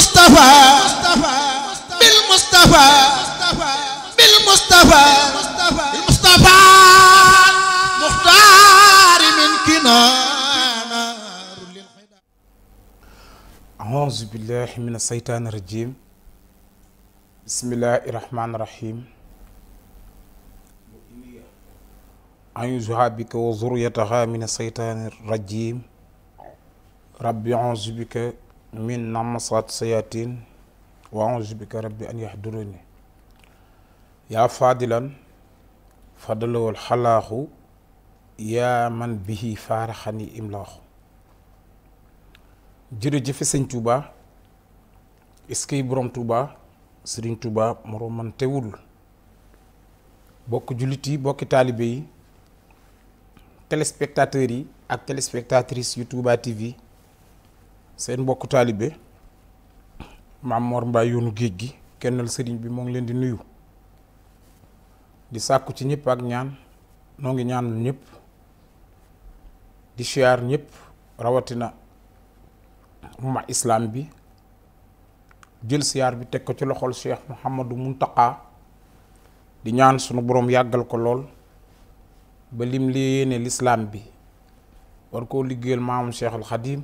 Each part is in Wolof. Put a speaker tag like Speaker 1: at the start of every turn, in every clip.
Speaker 1: بالمصطفى بالمصطفى بالمصطفى المصطفى مختار من كنار
Speaker 2: أعوذ بالله من الشيطان الرجيم بسم الله الرحمن الرحيم أعوذ بك وذريتها من الشيطان الرجيم ربي أعوذ بك min namasat sayatin wa auzu bika rabbi an yahduruni yaa faadilan fadalowol xalaaxu yaa man bihi faaraxani imlaaxu jërëjëfe sëñ Touba iskay borom Touba sëriñ Touba moroom man tewul bokk jullit yi bokki taalibe yi téléspectateurs yi ak téléspectatrices yu Touba TV seen mbokku taalibe maam Mor Mbaye yoonu géej gi kennal sëriñ bi moo ngi leen di nuyu di sàkku ci ñépp ak ñaan noo ngi ñaanal ñëpp di siyaar ñépp rawatina umma islam bi jël siyaar bi teg ko ci loxol Cheikh Mouhamadou Mountakha di ñaan sunu boroom yàggal ko lool ba lim li yéene lislaam bi war koo liggéeyal maamam Cheikhul Khadim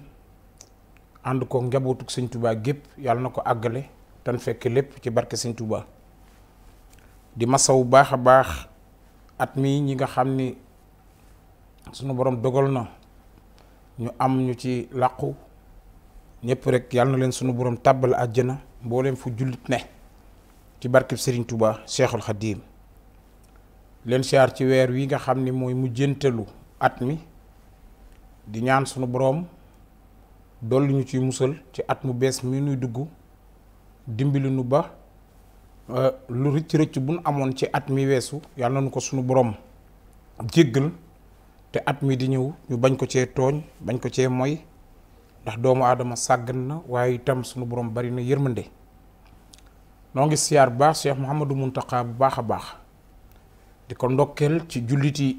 Speaker 2: and ko njabootuk seigne Touba gep yalla nako agale tan fekk lepp ci barke seigne Touba di massaw baakha a baax at mi ñi nga xamni suñu borom dogal na ñu am ñu ci laqku ñepp rek yalla na leen suñu borom tabal aljana mbolem fu julit ne ci barkeb seigne Touba Cheikhul Khadim leen siar ci weer wi nga xamni moy mooy at mi di ñaan suñu borom. dolli ñu ci musal ci at mu bes mi nuy dugg dimbali nu ba euh, lu rëcc rëcc bu nu ci at mi wessu yalla ñu ko suñu borom jéggal te at mi di ñew ñu bañ ko ci togn bañ ko ci moy ndax doomu adama sàggan na waaye itam sunu borom bari na yërmande noo ngi siyaar baax Cheikh Mouhamadou muntaka bu baaxa baax di ko ndokkel ci julliti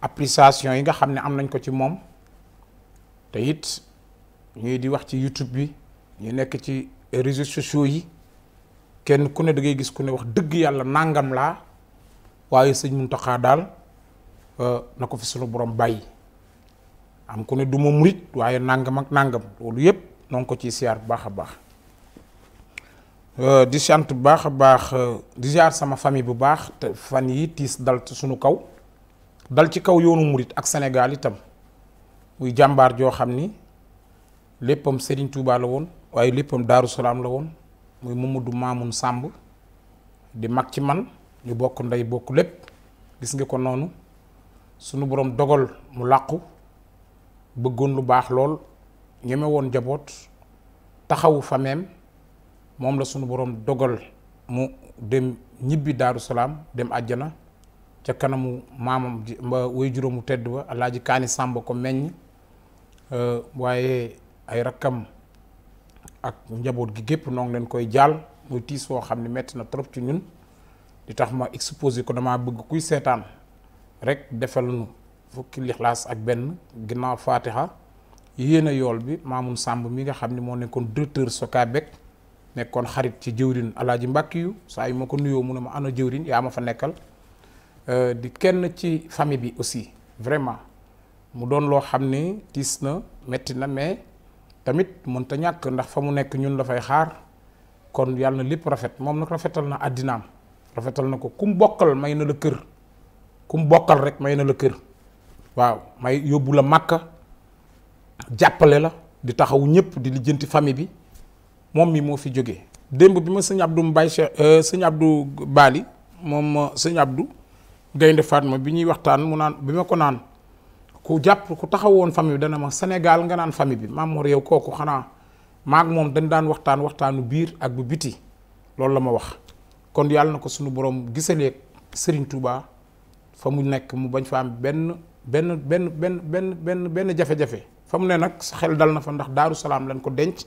Speaker 2: appréciation yi nga xamné am nañ ko ci mom te it ñuy di wax ci youtube bi ñu nekk ci réseaux sociaux yi kenn ku ne da ngay gis ku ne wax dëgg yàlla nangam laa waaye sëñ muntaxaa daal euh, na ko fi sunu borom bàyyi am ku ne du ma murit waaye nangam ak nangam loolu yépp noo ko ci siyaar bu baax a baax euh, di sant bu baax a euh, di ziar sama famille bu baax te fan yi tiis dal ci sunu kaw dal ci kaw yoonu murit ak Sénégal itam muy jàmbaar joo xam léppam Serigne Touba la woon waaye léppam Daaru Salaam la woon muy Mamadou Mamoun sàmb di mag ci man ñu bokk ndey bokk lépp gis nga ko noonu sunu borom dogal mu làqu bëggoon lu baax lool ñeme njaboot taxawu fameem moom la sunu borom dogal mu dem ñibbi Daaru Salaam dem àjjana ca kanamu maamam ji mba way juróomu tedd ba alaaji kaani Sàmba ko meññ euh, waaye ay rakkam ak njaboot gi gépp noo leen koy jaal muy tiis woo xam ne metti na trop ci ñun di tax ma exposé ko damaa bëgg kuy seetaan rek defal nu fukki lixlaas ak benn ginnaaw faatiha yéen a yool bi Mamoun Samb mi nga xam ne moo nekkoon directeur Socabek nekkoon xarit ci jëwrin alaaji mbàkki yu saa yu ma ko nuyoo mu ne ma ana jëwrin yaa ma fa nekkal euh, di kenn ci famille bi aussi vraiment mu doon loo xam ne tiis na metti na mais tamit ta ñàkk ndax fa mu nekk ñun la fay xaar kon yàlla na rafet moom nag rafetal na adina rafetal na ko kum bokkal may na la kër kum bokkal rek may na la kër waaw may yóbbu la màkka jàppale la di taxaw ñëpp di lijjanti famille bi moom mi moo fi jógee démb bi ma sëñ Abdou Mbaye Cheikh euh, sëñ Abdou Bali mom sëñ Abdou gaynde Fatma bi ñuy waxtaan mu naan bi ko naan ku jàpp ku taxawoon famille bi dana ma Sénégal nga naan famille bi Mame Mor yow kooku xanaa maak moom dañ daan waxtaan waxtaanu biir ak bu biti loolu la ma wax kon yàlla na ko suñu borom gisalee Serigne Touba fa mu nekk mu bañ fa am benn benn benn benn benn benn benn jafe fa mu ne nag xel dal na fa ndax Daaru Salaam lañ ko denc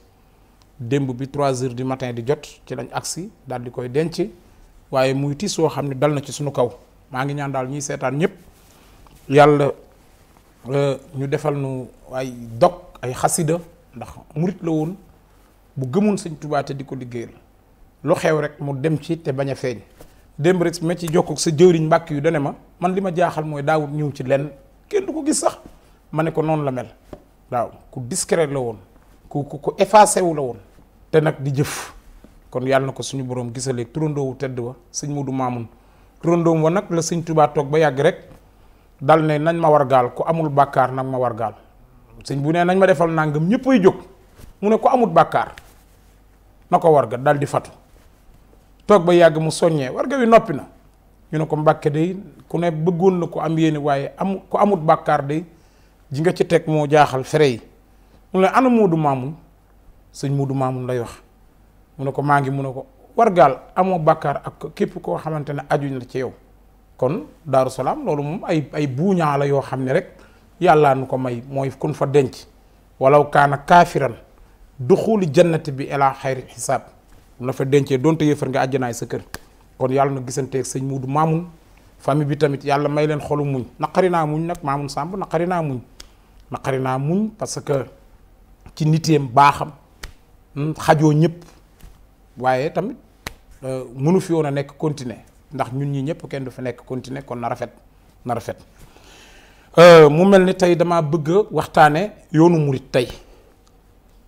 Speaker 2: démb bi trois heures du matin di jot ci lañ agsi daal di koy denc waaye muy tiis soo xam ne dal na ci suñu kaw maa ngi ñaan daal ñiy seetaan ñëpp yàlla Euh, ñu defal nu ay dog ay xasida ndax murit la woon bu gëmoon sëñ Tuubaa te di ko liggéeyal lu xew rek mu dem ci te bañ a feeñ démb rek ma ci jokk sa jëwriñ mbàkk yu dane ma man li ma jaaxal mooy daawut ñëw ci lenn kenn du ko gis sax ma ne ko noonu la mel waaw ku discret la woon ku ku ku effacé wu la woon te nag di jëf kon yàlla na ko suñu borom gisalee turandoowu tedd wa sëñ Modou Mamoun turandoom wa nag la sëñ Tuubaa toog ba yàgg rek dal ne nañ ma war gaal ku amul bàkkaar nag ma war gaal sëñ bu nee nañ ma defal nangam ñëpp ay jóg mu ne ku amut bàkkaar na ko warga dal di fatu toog ba yàgg mu soññee warga wi noppi na ñu ne ko mbàkke day ku ne bëggoon na ko am yéene waaye am ku amut bàkkaar day ji nga ci teg moo jaaxal fere yi mu ne ana Moodu Maamun sëñ Moodu Maamun lay wax mu ne ko maa ngi mu ne ko wargaal amoo bàkkaar ak képp koo xamante ne ajuñ la ci yow kon daru salam loolu mom ay ay buuñaa la yoo rek yalla nuko may moy kun fa denc walaw kana kafiran dukhul jannati bi ila khair hisab bu fa dencé donte yeufar nga àjjanaay sa keur kon nu gisante ak seigne mudu mamun fami bi tamit yalla may len xolum muñ naqari muñ nak mamun sambu naqari muñ naqari muñ parce que ci nitiyem baxam hmm, xajo ñep waye tamit euh, mënu fi wona nek continuer ndax ñun ñi ñëpp kenn du fi nekk continuer kon na rafet na rafet euh, mu mel ni tey dama bëgg waxtaane yoonu murit tey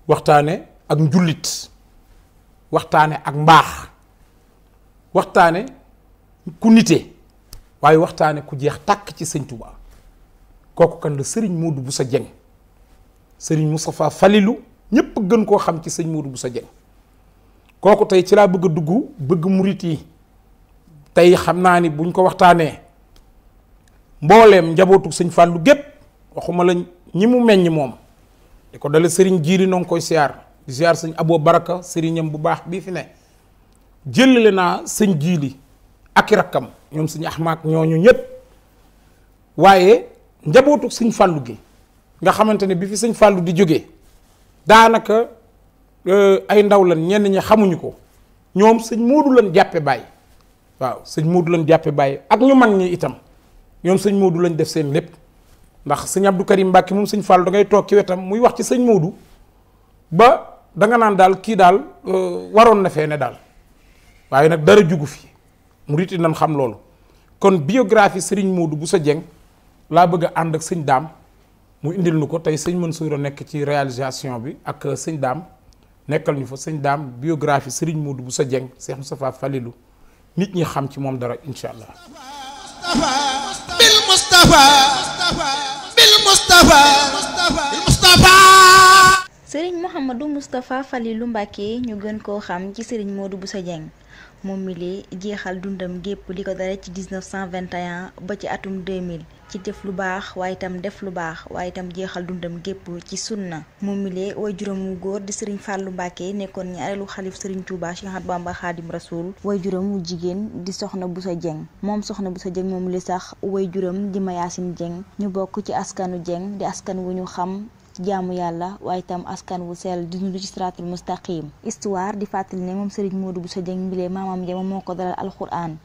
Speaker 2: waxtaane ak njullit waxtaane ak mbaax waxtaane ku nite waaye waxtaane ku jeex tàkk ci sëñ tuba kooku kan la sëriñ moodu bu sa jeng sëriñ moustapha falilu ñépp gën koo xam ci sëñ moodu bu sa jeng kooku tey ci laa bëgg dugg bëgg murit yi tey xam naa ni buñ ko waxtaanee mbooleem njabootu sëñ Fàllu gépp waxuma la ñi mu meññ moom di ko dale sëriñ jiiri noo ngi koy siyaar di siyaar sëñ aboo Baraka sëriñam bu baax bii fi ne jëlale naa sëñ jiili ak i rakkam ñoom sëñ maak ñooñu ñëpp waaye njabootu sëñ Fàllu gi nga xamante ne bi fi sëñ Fàllu di jóge daanaka euh, ay ndaw lan ñenn ñi xamuñu ko ñoom sëñ Moodu lan jàppe bàyyi waaw sëñ Modou lañ jàppe bàyyi ak ñu man ñi itam ñoom sëñ Modou lañ def seen lépp ndax sëñ Abdou Karim Mbàkke moom sëñ Fall da ngay toog ci wetam muy wax ci sëñ Modou ba da nga naan daal kii daal euh, waroon na fee ne daal waaye nag dara jugu fi murit nañ xam loolu kon biographie sëriñ Modou Bousso jeng, laa bëgg a ànd ak sëñ daam mu indil nu ko tey sëñ nekk ci réalisation bi ak euh, sëñ daam nekkal ñu fa sëñ daam biographie sëriñ Modou Bousso Dieng Cheikh Moustapha Falilou nit ñi xam ci moom dara incha allah.
Speaker 1: bil Moustapha
Speaker 3: bil Moustapha bil Moustapha. Serigne Mouhamadou Moustapha Falilou Mbacké ñu gën koo xam ci Serigne Modou Bousso Dieng. moom mi lee jeexal dundam gépp li ko dale ci 1921 ba ci atum 2000 ci def lu baax waaye itam def lu baax waaye itam jeexal dundam gépp ci sunna moom mi lee way juróom wu góor di sëriñ Fallou Mbacke nekkoon ñaareelu xalif sëriñ Touba Cheikh Ahmadou Bamba Khadim Rasoul way juróom wu jigéen di soxna bu sa Dieng moom soxna sa Dieng moom li sax way juróom di Mayacine Dieng ñu bokk ci askanu Dieng di askan wu ñu xam jaamu yàlla waaye itam askan wu sell di dund ci siraatul mustaqim histoire di fàttali ne moom Serigne Modou Bousso Dieng mbilee maamam jama moo ko dalal alquran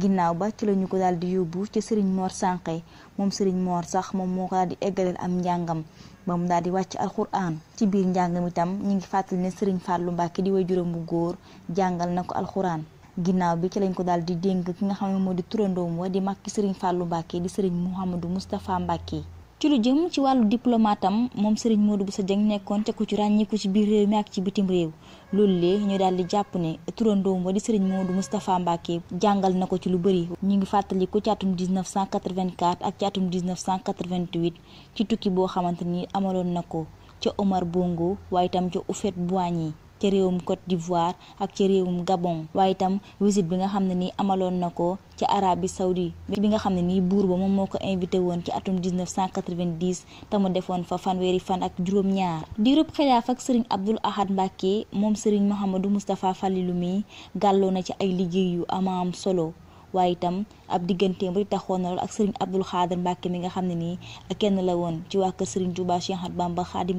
Speaker 3: ginnaaw ba ci la ñu ko daal di yóbbu ci Serigne Mor Sànqe moom Serigne Mor sax moom moo ko daal di eggaleel am njàngam ba mu daal di wàcc alquran ci biir njàngam itam ñu ngi fàttali ne Serigne Fallou Mbacke di way juróom bu góor jàngal na ko alquran ginnaaw bi ci lañ ko daal di dénk ki nga xam ne moo di turandoom wa di mag ki Serigne Fallou Mbacke di Serigne Mouhamadou Moustapha Mbacke ci lu jëm ci wàllu diplomatam moom Serigne Modou Bousso Dieng nekkoon te ku ci ràññeeku ci biir réew mi ak ci bitim réew loolu lee ñu daal di jàpp ne turandoom wa di Serigne Modou Moustapha Mbacké jàngal na ko ci lu bëri ñu ngi fàttaliku ci atum 1984 ak ci atum 1988 ci tukki boo xamante ni amaloon na ko ca Omar Bongo waaye itam ca Houphouët-Boigny ci réewum Côte d'Ivoire ak ci réewum Gabon waaye itam visite bi nga xam ne nii amaloon na ko ci Arabie Saoudi bi nga xam ne nii buur ba moom moo ko invité woon ci atum 1990 te mu defoon fa fanweeri fan ak juróom-ñaar diirub xilaaf ak sëriñ Abdul Ahad Mbacke moom sëriñ Mouhamadou Moustapha Falilou mi gàlloo na ci ay liggéey yu ama am solo waaye itam ab digganteem bu taxoon na ak sëriñ Abdul Xaadir mbàkke mi nga xam ne nii kenn la woon ci waa kër sëriñ Touba Cheikh Ahmadou Bamba Xaadim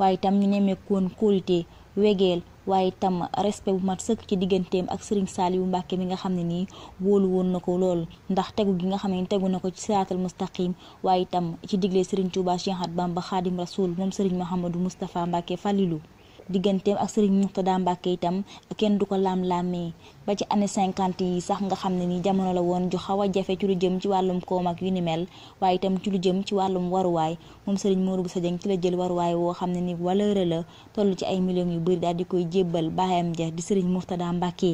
Speaker 3: itam ñu nemmeeku woon wegeel waaye itam respect bu mat sëkk ci digganteem ak Serigne Saliou Mbacke mi nga xam ne nii wóolu woon na ko loolu ndax tegu gi nga xam ne tegu na ko ci siraatal mustaqim waaye itam ci digle Serigne Touba Cheikh Ahmadou Bamba Khadim Rasoul moom Serigne Mouhamadou Moustapha Mbacke Falilou digganteem ak Serigne Mourtada Mbacké itam kenn du ko laam-laamee ba ci année cinquante yi sax nga xam ne ni jamono la woon ju xaw a jafe ci lu jëm ci wàllum koom ak yu ni mel waaye itam ci lu jëm ci wàllum waruwaay moom Serigne Modou Bousso Dieng ci la jël waruwaay woo xam ne ni valeur la toll ci ay million yu bëri daal di koy jébbal baayam ja di Serigne daa Mbacké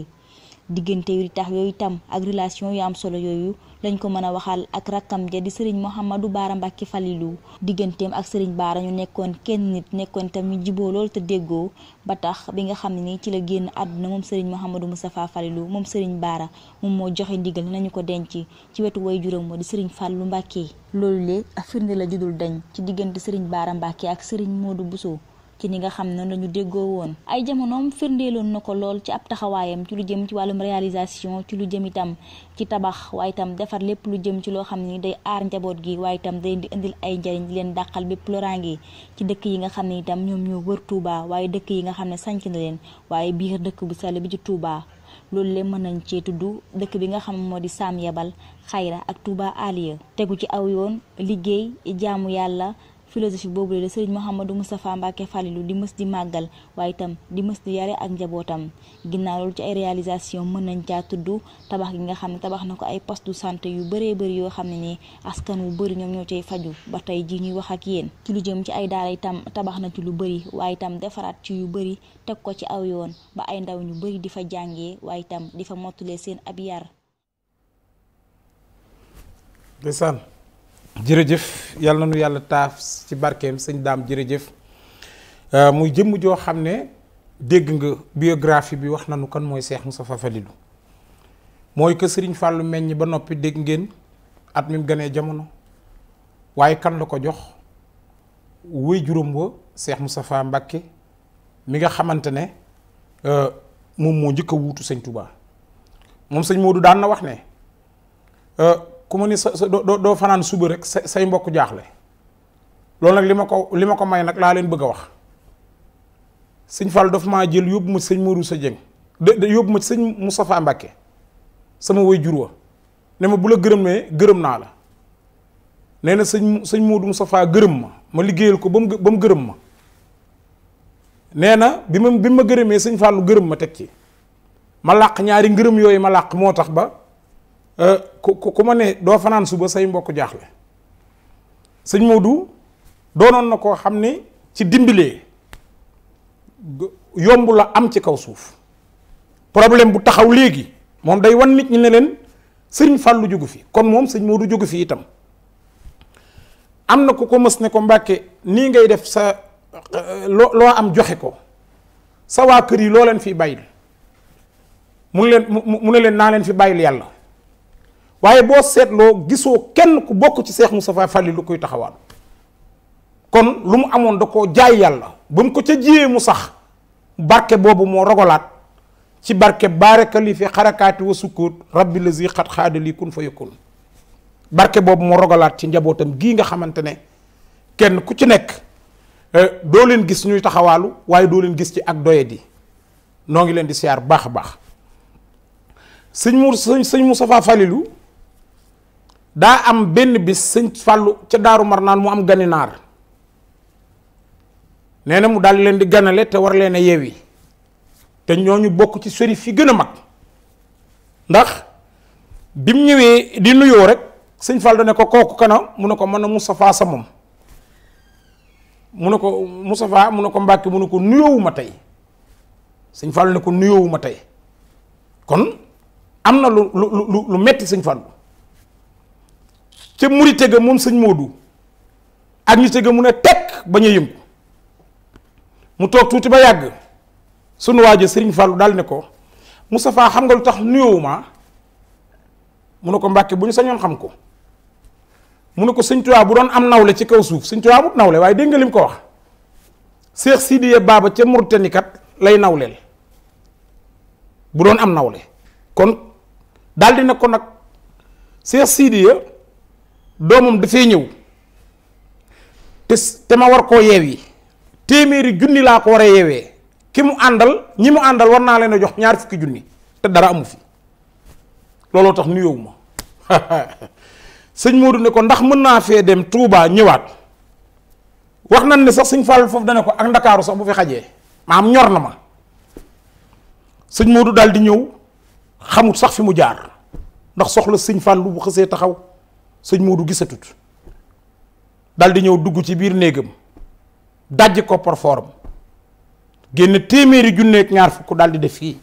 Speaker 3: diggante yu tax yooyu tam ak relation yu am solo yooyu lañ ko mën a waxal ak rakkam ja di sëriñ Mouhamadou Baara Mbacke falilu digganteem ak sëriñ Baara ñu nekkoon kenn nit nekkoon tamit jiboo loolu te déggoo ba tax bi nga xam ne ni ci la génn àdduna moom sëriñ Mouhamadou Moustapha Falilou moom sëriñ Baara moom moo joxe ndigal nañu ko denc ci wetu way juróom moo di sëriñ Fallou Mbacke loolu le firnde la dul dañ ci diggante sëriñ Baara Mbacke ak sëriñ Modou Bousso ci ni nga xam ne lañu déggoo woon ay jamonoom firndeeloon na ko lool ci ab taxawaayam ci lu jëm ci wàllum réalisation ci lu jëm itam ci tabax waaye itam defar lépp lu jëm ci loo xam ni day aar njaboot gi waaye itam day di indil ay njariñ di leen dàqal bépp loraange ci dëkk yi nga xam ne itam ñoom ñoo wër Touba waaye dëkk yi nga xam ne sanc na leen waaye biir dëkk bu sell bi ci Touba loolu leen mën nañ ci tuddu dëkk bi nga xam moo di Sam Yabal Xayra ak Touba Aliya ci yoon liggéey jaamu philosophie boobu la sëriñ Mouhamadou Moustapha Mbacke Fallilou di mës di màggal waaye itam di mës di yare ak njabootam ginnaaw loolu ci ay réalisation mën nañ caa tudd tabax gi nga xam ne tabax na ko ay poste de santé yu bëree bari yoo xam ne nii askan wu bari ñoom ñoo cay faju ba tey ji ñuy wax ak yéen ci lu jëm ci ay daara itam tabax na ci lu bari waaye itam defaraat ci yu bari teg ko ci aw yoon ba ay ndaw ñu bari di fa jànge waaye itam di fa mottulee seen ab yar
Speaker 2: jërëjëf yal na nu yàlla taaf ci barkeem sëñ daam jërëjëf euh, muy jëmm joo xam ne dégg nga biographie bi wax nanu kan mooy Cheikh Moustapha Falilou mooy que Serigne Fallou meññ ba noppi dégg ngeen at mi mu ganee jamono waaye kan la ko jox wuy juróom wa Cheikh Moustapha Mbacké mi nga xamante ne euh, moom moo njëkk a wuutu sëñ Touba moom sëñ Modou daan na wax ne. Euh, ku ni do do do fanan suba rek say mbok jaaxle loolu nak lima ko lima ko may nak la len bëgg wax seigne Fall daf ma jël yob mu seigne mourou sa jeng de yóbbu ma sëñ Moustapha Mbacke sama way jur ne ma bu la gërëmee na la na seigne sëñ Modou Moustapha ma ma liggéeyal ko bam bam ba ma nee na bima ma bi Fall ma teg ci ma laq ñaari ngërëm yoy ma laq motax ba. Euh, ku ku ma ne doo fanaan suba say mbokk jaaxle sëñ Modou doonoon na koo xam ne ci dimbilee yomb la am ci kaw suuf problème bu taxaw léegi moom day wan nit ñi ne leen sëñ Fàllu jógu fi kon moom sëñ Modou jógu fi itam am na ku ko mës ne ko Mbàkke nii ngay def sa euh, loo loo am joxe ko sa waa kër yi loo leen fii bàyyil mu leen mu ne leen naa leen fi bàyyil yàlla waaye boo seetloo gisoo kenn ku bokk ci seex Moustapha Falilu koy taxawaan kon lu mu amoon da koo jaay yàlla ba mu ko ca jiyee mu sax barke boobu moo rogalaat ci barke baarakali fi xarakaati wa sukkoot rabbi lazi xat xaadali kun fa yakun barke boobu moo rogalaat ci njabootam gii nga xamante ne kenn ku ci nekk eh, doo leen gis ñuy taxawaalu waaye doo leen gis ci ak doye di noo ngi leen di siyaar baax a baax sëñ mu sëñ Moustapha Falilou daa am benn bis sëñ fàllu ca daaru marnaan mu am gani naar nee na mu daal leen di ganale te war leen a yeewi te ñoo ñu bokk ci sërif yi gën a mag ndax bi mu ñëwee di nuyoo rek sëñ Fall ne ko kooku kana mu ne ko mën na Moustapha sa moom mu ne ko Moustapha mu ne ko Mbàkke mu ne ko nuyoowuma tey sëñ Fall ne ko nuyoowuma tey kon am na lu lu lu metti sëñ Fall ca muri tëgga moom sëñ Modou ak ñu tëgga mu ne tekk bañ a yëngu mu toog tuuti ba yàgg sunu waajo sëriñ Fallou daal ne ko Moustapha xam nga lu tax nuyowuma mu ne ko Mbàkke bu ñu sañoon xam ko mu ne ko sëñ Tuubaa bu doon am nawle ci kaw suuf sëñ Tuubaa mut nawle waaye dégg nga lim ko wax Seex Sidiya Baaba ca Murtani kat lay nawleel bu doon am nawle kon daal di ne ko nag Seex Sidiya doomam dafay ñëw te ma war koo yeewi téeméeri junni laa ko war a yeewee ki mu àndal ñi mu àndal war naa leen a jox ñaar fukki junni te dara amu fi looloo tax yow ma sëñ Modou ne ko ndax mën naa fee dem tuubaa ñëwaat wax nañ ne sax sëñ Fall foofu dana ko ak ndakaaru sax bu fi xajee maam ñor na ma sëñ Modou dal di ñëw xamut sax fi mu jaar ndax soxla sëñ Fall bu xësee taxaw. sëñ Modou gisatut daldi ñëw dugg ci biir néegam dajj ko porforme génn téeméeri junneeg ñaar fukk dal def fii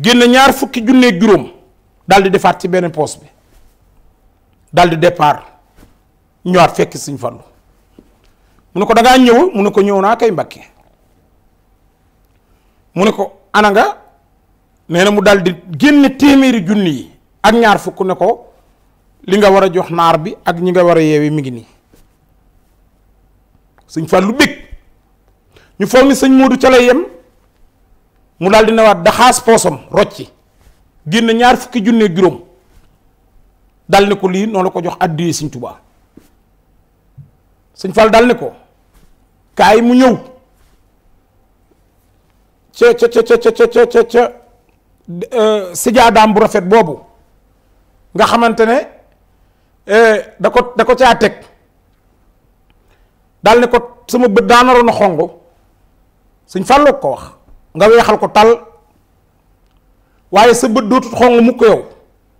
Speaker 2: génn ñaar fukki junneeg juróom dal defaat ci beneen poos bi daldi di départ ñëwaat fekk sëñ Fallu mu ne ko dangaa ñëw mu ne ko ñëw naa kay Mbàkke mu ne ko ana nga na mu daldi génn téeméeri junni yi ak ñaar fukk ne ko li nga war a jox naar bi ak ñi nga war a yeewi mi ngi nii sëñ Fallou bég ñu foog ni sëñ Modou ca lay yem mu daldi di newaat daxaas poosam rocci génn ñaar fukki junne juróom dal ne ko lii noonu la ko jox àddiyee sëñ Tuubaa sëñ Fall dal ne ko kaay mu ñëw ca ca ca ca ca ca euh, sijaadaam bu rafet boobu nga xamante ne
Speaker 4: Eh, da ko da ko caa teg daal ne ko sama bët daa naroon a xonq suñ fàllu ko wax nga weexal ko tal
Speaker 2: waaye sa bët dootut xong mu ko yow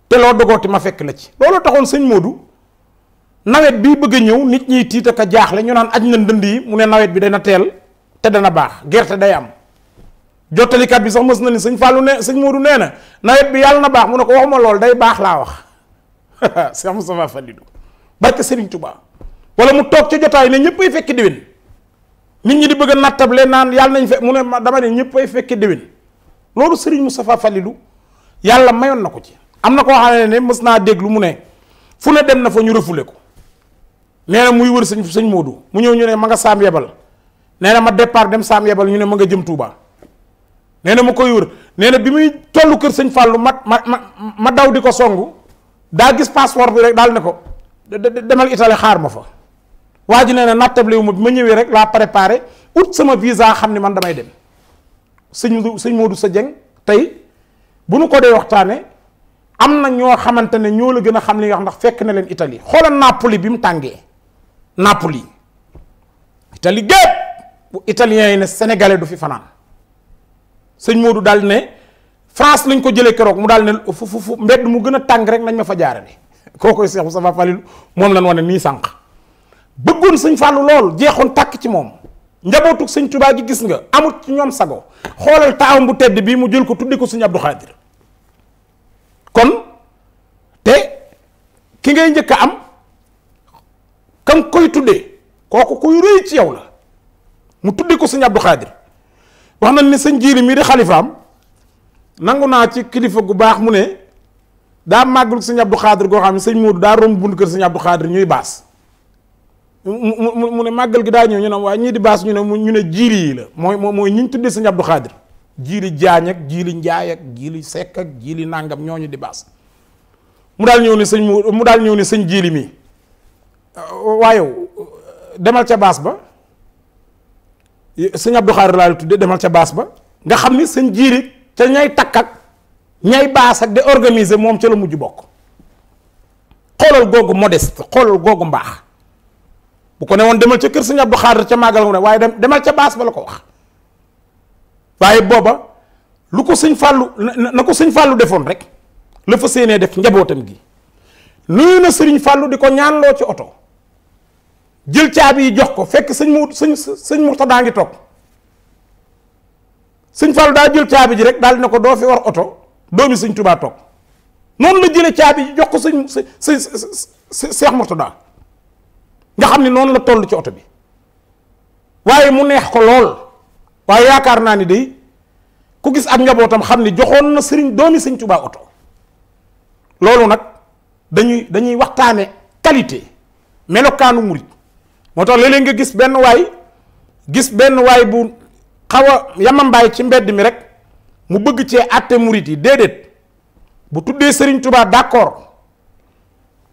Speaker 2: te loo dogooti ma fekk la ci loolu taxoon sëñ Moodu nawet bii bëgg ñëw nit ñiy tiit ak a ñu naan aj na ndënd yi mu ne nawet bi dana teel te dana baax gerte day am jottalikat bi sax mës na ni sëñ Fallou ne suñ Moodu nee na nawet bi yàlla na baax mu ne ko waxuma lool day baax laa wax Cheikh Moustapha Fallilou barke Serigne Touba wala mu toog ca jotaay ne ñëppay fekki déwén nit ñi di bëgg a nattable naan yàlla nañ fe mu ne dama ne ñëppay fekke déwén loolu mu Moustapha Fallilou yàlla mayoon na ko ci am na ko xam ne mës naa déglu mu ne fu ne dem na fa ñu refule ko nee muy wër sëñ sëñ Moodu mu ñëw ñu ne ma nga saam yebal nee na ma départ dem saam yebal ñu ne ma nga jëm Touba nee na ma koy wër nee na bi muy tollu kër sëñ Fallou ma ma ma daw di ko songu daa gis passeport bi rek daal ne ko demal Italie xaar ma fa waa ji nee na nattable wu ma bi ma ñëwee rek laa préparé ut sama visa xam ne man damay dem sëñ sëñ Modou Sa Dieng tey bu nu ko dee waxtaanee am na ñoo xamante ne ñoo la gën a xam ne nga ndax fekk na leen Italie xoolal Napoli bi mu tàngee Napoli Italie gépp bu italien yi ne sénégalais du fi fanaan sëñ Modou dal ne France lañ ko jëlee keroog mu daal ne fu fu mbedd mu gën a tàng rek nañ ma fa jaarale kookoy Cheikh Moustapha Falilou moom lañ wane nii sànq bëggoon sëñ Fallou lool jeexoon tàkk ci moom njabootug sëñ Tuubaa gi gis nga amut ci ñoom sago xoolal taawam bu tedd bii mu jël ko tuddi ko sëñ Abdou Khadir kon te ki ngay njëkk a am kam koy tuddee kooku kuy rëy ci yow la mu tuddi ko sëñ Abdou Khadir wax nañ ne sëñ Jiiri mii di xalifaam nangu naa ci kilifa gu baax mu ne daa màggul sëñ Abdou Xaadir goo xam ne sëñ Moodu daa romb bunt kër sëñ Abdou Xaadir ñuy baas mu mu ne màggal gi daa ñëw ñu ne waaye ñii di baas ñu ne ñu ne jiiri yi la mooy mooy ñu ñu tuddee sëñ Abdou Xaadir jiili jaañ ak jiili njaay ak jiili sekk ak jiili nàngam ñooñu di baas mu daal ñëw ne sëñ mu mu daal ñëw ne sañ jiili mi waaye demal ca baas ba sëñ Abdou Xaadir laa tuddee demal ca baas ba nga xam ni sëñ jiili ca ñay takk ak ñay baas ak di organiser moom ca la mujj bokk xoolal googu modeste xoolal googu mbaax bu ko ne woon demal ca kër sëñ Abdou Khadre ca màggal mu ne waaye dem demal ca baas ba la ko wax waaye booba lu ko sëñ fàllu na ko sëñ fàllu defoon rek la fa séenee def njabootam gi nuyu na sëriñ fàllu di ko ñaan ñaanloo ci oto jël caabi yi jox ko fekk sëñ mu sëñ sëñ Murtada ngi toog sëñ Fallou daal jël caabi ji rek daal di ko doo fi war oto doomi sëñ Touba toog noonu la jële caabi ji jox ko sëñ sëñ sëñ Cheikh Mourtada nga xam ne noonu la toll ci oto bi waaye mu neex ko waaye yaakaar naa ni day ku gis ak njabootam xam ne joxoon na sëriñ doomi sëñ Touba loolu nag dañuy dañuy waxtaane qualité melokaanu murit moo tax léeg nga gis benn waay gis benn waay bu. xaw a yamambaay ci mbedd mi rek mu bëgg cee àtte murit yi déedéet bu tuddee Serigne Touba d'accord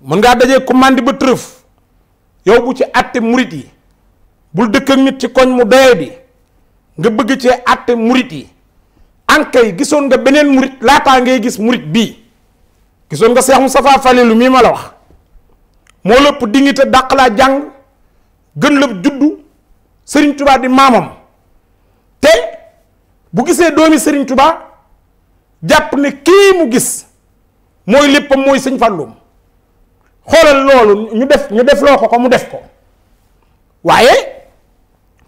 Speaker 2: mën ngaa dajee commande ba tërëf yow bu ci àtte murit yi bul dëkk ak nit ci koñ mu doye bi nga bëgg cee àtte murit yi ankay gisoon nga beneen murit laataa ngay gis murit bii gisoon nga Seex Mustafaa Falilu mii ma la wax moo lëpp dignité dàq laa jàng gën la juddu Serigne Touba di maamam bu gisee doomi sëriñ tubaa jàpp ne kii mu gis mooy léppam mooy sëñ fàllum xoolal loolu ñu def ñu def loo ko ko mu def ko waaye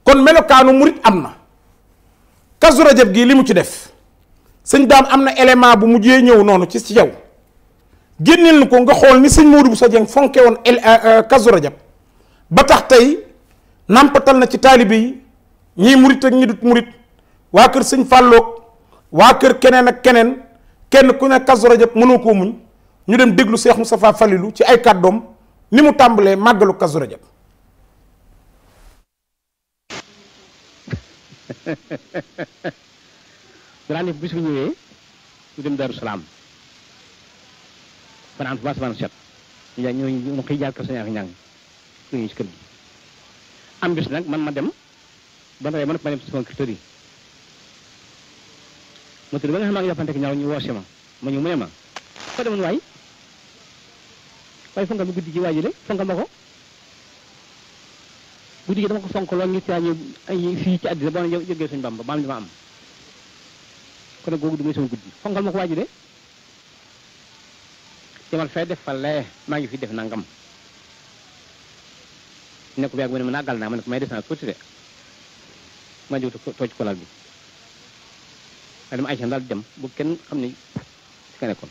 Speaker 2: kon melokaanu murit am na kasu rajab gii li mu ci def sëñ daam am na élément bu mujjee ñëw noonu ci ci yow génneel ni ko nga xool ni sëñ Modou Bousso Dieng fonke woon euh, euh, kasu rajab ba tax tey nàmpatal na ci taalibe yi ñii murit ak ñi dut murit waa kër sëñ fàlloog waa kër keneen ak keneen kenn ku ne Kazu Rajab mënoo koo muñ ñu dem déglu Seex Mustafaa ci ay kàddoom ni mu tàmbalee màggalu Kazu Rajab
Speaker 5: danaa ne bis bu ñëwee dem Daaru Salaam fanaan fa ba set yaa ñu mu xëy ñu ci kër gi am bis nag man ma dem ba nawet ma ne ma dem sama kër mu tudd ba nga xam maa ngi yoppanteeg ñaaw ñu woo si ma ma ñu mu ne ma ko demoon waay waaye fonka mu guddi gi waay ji de ma ko guddi gi dama ci àddina boo na jógee suñu bamba maam dama am kon nag googu du def fa maa ngi fi def nangam ne ko bi ak mu ne ma naggal naa ma may des naa tuuti tooj kolal bi ma dem Aïcha daal dem bu kenn xam ne si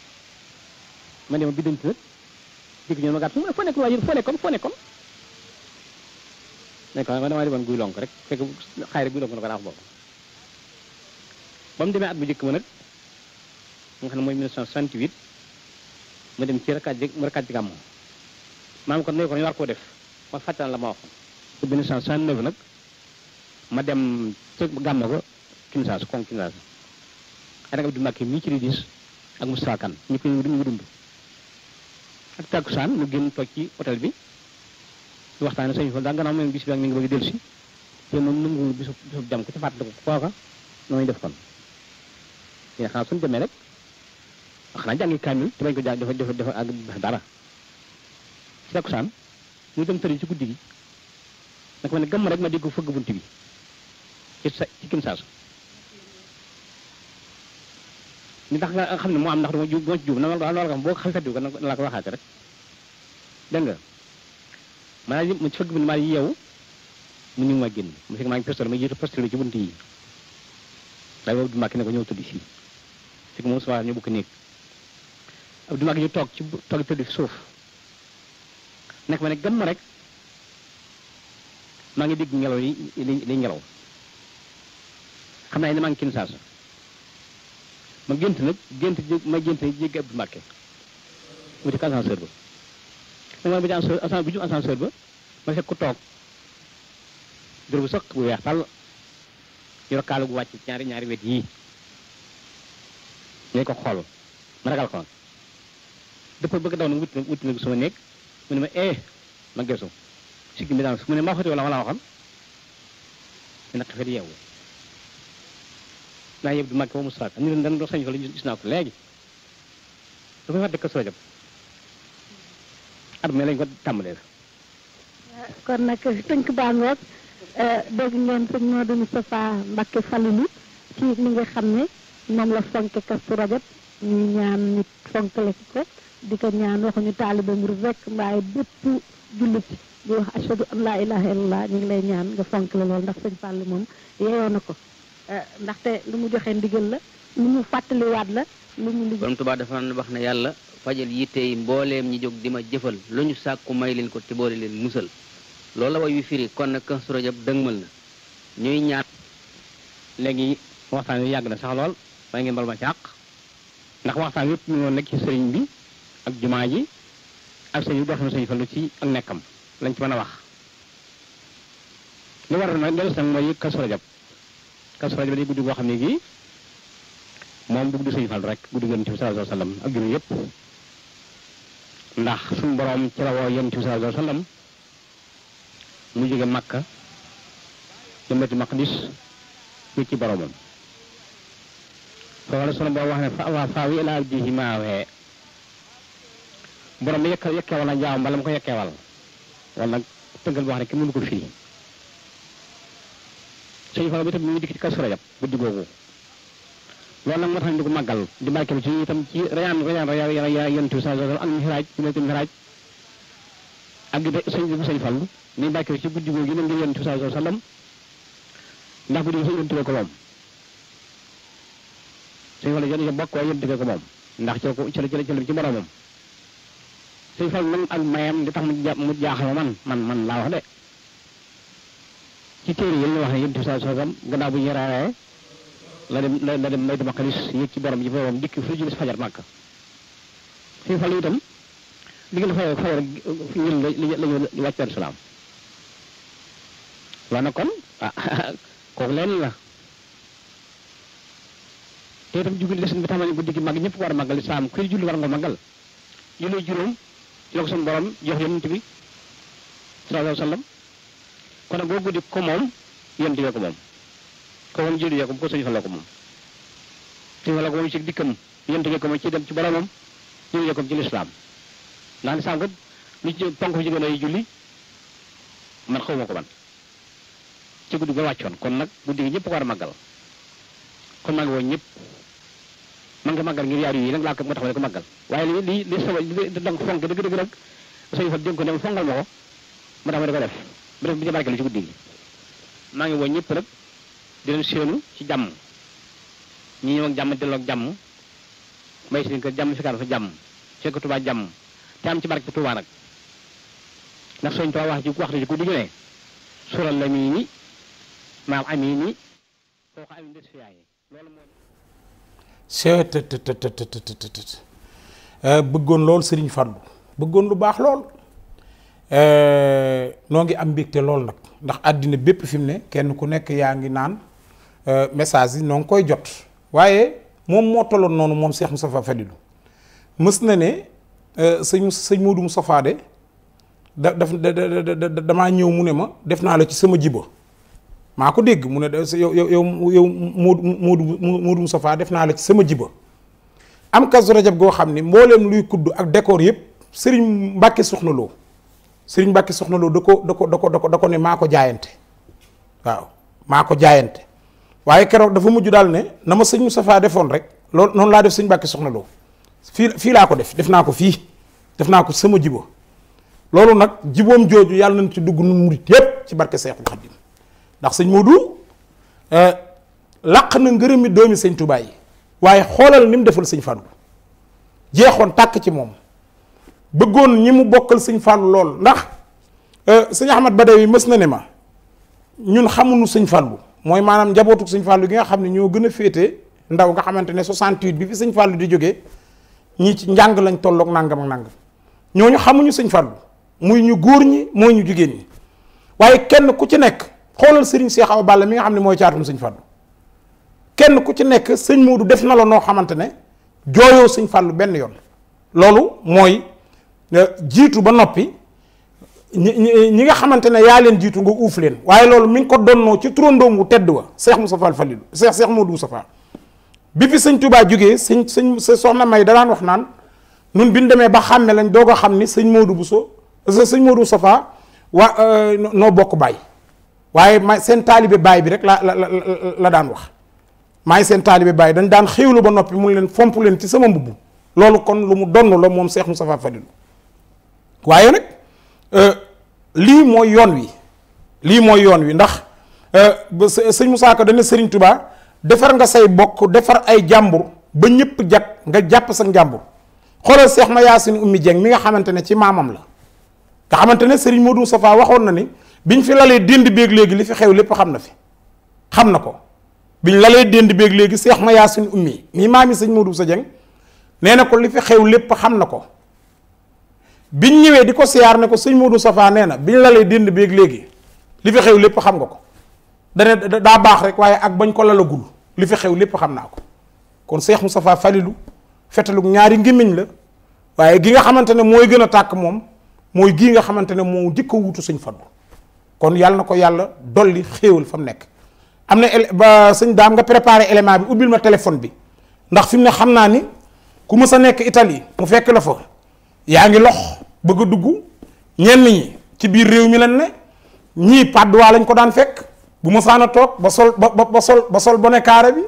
Speaker 5: ma dem biddanti nag dégg ñoon ma gàtt ma foo nekkoon waajur foo nekkoon foo nekkoon nekk ma damaa demoon guy lonk rek fekk xaay rek guy lonk na ko daax boobu ba mu demee at bu njëkk ma nag mu nga xam ne mooy 1968 ma dem ci rakkaat ji rakkaat ji gàmmu maam kon ne ko ñu war koo def ma fàttalan la ma waxoon 1969 nag ma dem ca gàmmu ko Kinshasa kon Kinshasa anak di Mbacké mi ci di gis ak Moussa Kane ñu koy dund dund ak takusan mu gën tok ci hôtel bi di waxtaan sëñ fa da nga am bis bi ak mi ngi jam ko ci fatte ko koka noy def kon ya kalau sun demé rek xana jangi kamil te bañ ko jaag dafa dafa ak dara takusan ñu dem ci nak ma ne gam rek ma dégg fëgg buntu bi ci ni tax nga xam ne moo am ndax dama jub dama ci jub na loolu nga xam boo xalfati ko la ko waxaate rek dégg nga maanaam mu ci fekk bi maa yeewu mu ma génn mu fekk maa ma jiitu postulé ci bunt yi day boobu du màkki ne ko ñëw tëdd fii fekk moom suba ñu ñu toog ci toog tëdd fi suuf nekk ma ne gam ma rek maa ngi dégg ngelaw li li ngelaw xam naa ne maa ngi Kinshasa ma gént nag gént ma gént jéggi Abdou Mbacké mu dikk ascenseur ba dama ba ma fekk ku toog jër bu sëq bu weex tàll yor kaalu gu wàcc ñaari ñaari wet yii ñooy ko xool ma ragal ko dafa bëgg daw nag wuti nag wuti nag su ma ne ma eh ma gesu sikki mi daan ne maa xoti wala ma laa waxoon dina xefet yeewu maa yëpp du màgg ba mu suraat ñu leen dañ doon sañ fa la gis naa ko ko soo jëm at mi lañ kon nag tënk baa ngoog eh, dégg ngeen sëñ Modou Moustapha Mbacké Falilou ci ni nga xam ne moom la fonke Kazu Rajab ñu ñaan ñu fonkale ko di ko ñaan waxuñu taaliba mbir rek mbaaye bépp jullit di wax ashadu an laa ilaha illallah ñu ngi lay ñaan nga fonk la lool ndax sëñ Fall moom yeewoo na ko Eh, ndaxte lu mu joxe ndigal la lu mu fàttaliwaat la lu mu liggéey. borom Tuubaa dafa wax ne yàlla fajal yitte tey mbooleem ñi jóg di ma jëfal lu ñu sàkku may leen ko te boole leen musal lool la way wi firi kon nag Kazu Rajab dëgmal na ñuy ñaan léegi waxtaan wi yàgg na sax lool waaye ngeen bal ma ci ndax waxtaan yëpp ñu ngi woon nag ci sëriñ bi ak jumaa ji yu sëñ bi doxalin sëñ Fallu ci ak nekkam lañ ci mën a wax li war na dellusi nag mooy Kazu Rajab kasu rajo bi day guddi goo xam ne gii moom du guddi sëñ Fall rek guddi yonent bi sallallahu alayhi wa ci la woo yonent bi sallallahu alayhi ci boromam foofu la sunu wax ne fa bi yekke yekkewal na jaam bala mu ko yekkewal wala tënkal boo xam ne kenn mënu ko fii sëñ Fallu bi itam mu ngi dikk ci Kazu Rajab guddi googu loolu nag moo tax di ko màggal di barkeel ci itam ci rayaan rayaan rayaan yonent bi sallallahu ñu nekk ci guddi googu yi ngir yonent bi sallallahu alayhi ndax guddi gi sëñ yonent bi ko moom sëñ Fallu jënd ca bokk waaye yonent bi ko moom ndax ci ko la mu jaaxal man man man laa wax de ci téere yi la wax ne yonent bi sallallahu alayhi wasallam gannaaw bu ñu raaree la dem la dem Baytul Maqdis yëg ci borom ji borom dikk fu julli fajar màkk fi falu itam diggante fajar fajar ñun lañu wàcc benn salaam loolu nag kon ah kooku leen la te itam jugul lesin bi tamal guddi gi màgg ñëpp ko war a màggal islaam kuy julli war nga màggal julli juróom ci la ko suñu borom jox yonent bi sallallahu alayhi wasallam kon nag boo guddi ko moom ko moom ko moom ko ko suñu fa la ko moom suñu fa la ko ci dikkam yéen di ko dem ci boromam jëli ko ci lislaam ndax lislaam kat lu ci ponk fi man xaw ma ko man ci guddi ga wàccoon kon nag guddi gi ñëpp ko war a màggal kon maa ngi woon ñëpp man nga màggal ngir yaar yi nag laa ko moo tax ma ko màggal waaye li li li sama danga fonk dëgg dëgg rek fa dénk ko ne fongal ma ko moo tax ma di ko def borom bi di ci guddi ma ngi woo ñëpp nag di leen seenu ci jàmm ñi ñëw ak jàmm delloo ak jàmm may seen kër jàmm fikar fa jàmm fekk tuba jàmm te am ci barke tuba nag ndax soñ tuba wax wax na ci
Speaker 2: ne loolu moo bëggoon lool sëriñ bëggoon lu baax lool Eh, noo ngi am te lool nag ndax àddina bépp fi mu ne kenn ku nekk yaa ngi naan eh, message yi noo ngi koy jot waaye moom moo tolloon noonu moom Cheikh Moustapha Fadilou mës na ne eh, sëñ sëñ Modou Moustapha da daf damaa ñëw mu ne ma def naa la ci sama jiba maa ko dégg mu ne yow yow yow yow Modou Modou Modou def naa la ci sama jiba am kasu rajab goo xam ni mboolem luy kudd ak décor yëpp sëriñ Mbàkke soxna loo sëriñ Mbàkke soxna da ko da ko da ko da ko maa ko jaayante waaw maa ko jaayante waaye keroog dafa mujj daal ne na ma sëñ Moustapha defoon rek loolu noonu laa def sëñ Mbàkke soxna Lo fii fii laa ko def def naa ko fii def naa ko sama jibo loolu nag jiboom jooju yàlla nañ ci dugg nu murit ci barke Seexul Xadiim ndax sëñ Moodu làq na ngërëmi doomi sëñ Tuubaa yi waaye xoolal ni mu defal sëñ Fàllu jeexoon tàkk ci moom bëggoon ñi mu bokkal sëñ Fallou lool ndax euh, sëñ ba Ahmad Badawi mës na ne ma ñun xamuñu sëñ Fallou mooy maanaam njabootu sëñ Fallou gi nga xam ne ñoo gën a féete ndaw nga xamante ne 68 bi fi sëñ Fallou di jógee ñii ci njàng lañ tollook nangam ak nangam ñooñu xamuñu sëñ Fallou muy ñu góor ñi mooy ñu jigéen ñi waaye kenn ku ci nekk xoolal sëriñ Cheikh Awa Balla mi nga xam ne mooy caatum sëñ Fallou kenn ku ci nekk sëñ Moodu def na la noo xamante ne jooyoo sëñ Fallou benn yoon loolu mooy. jiitu ba noppi ñi ñi nga xamante ne yaa leen jiitu nga uuf leen waaye loolu mi ngi ko donnoo ci turandoom wu tedd wa Seex Mustafaa Falilu Seex Seex Moodu Mustafaa bi fi sëñ Tuubaa jógee sëñ sëñ soxna May danaan wax naan nun bi demee ba xàmme lañ doog a xam ni sëñ Moodu Buso sëñ Moodu Mustafaa wa euh, noo bokk baay waaye ma seen taalibe baay bi rek la la la daan wax maay seen taalibe baay dañ daan xéwlu ba noppi mun leen fompu leen ci sama mbubb loolu kon lu mu donn la moom Seex Mustafaa Falilu waaye nag euh, lii mooy yoon wi lii mooy yoon wi ndax euh, sëñ Moussa Ka dana sëriñ Touba defar nga say bokk defar ay jàmbur ba ñëpp jag nga jàpp sa jàmbur xoolal seex ma yaasin ummi Dieng mi nga xamante ne ci maamam la nga xamante ne sëriñ Modou Safa waxoon na ni biñ fi lalee dénd beeg léegi li fi xew lépp xam na fi xam na ko biñ lalee dend beeg léegi seex ma yaasin ummi mi maami sëñ Modou sa Dieng nee na ko li fi xew lépp xam na ko. biñ ñëwee di ko siyaar ne ko sëñ Modou Safa nee na biñ la lay dindi beeg léegi li fi xew lépp xam nga ko dane daa baax rek waaye ak bañ ko lalagul li fi xew lépp xam naa ko kon Cheikh Moustapha Falilou fetalug ñaari ngémmiñ la waaye gi nga xamante ne mooy gën a tàkk moom mooy gii nga xamante ne moo jëkk ko wuutu sëñ Fadlu kon yàlla na ko yàlla dolli xéewal fa mu nekk am na ba sëñ daam nga préparer élément bi ubbil ma téléphone bi ndax fi mu ne xam naa ni ku mës a nekk Italie mu fekk la fa yaa ngi lox bëgg a dugg ñenn ñi ci biir réew mi lañ ne ñii padduwaa lañ ko daan fekk bu mosaan a toog ba sol ba ba sol ba sol bone carré bi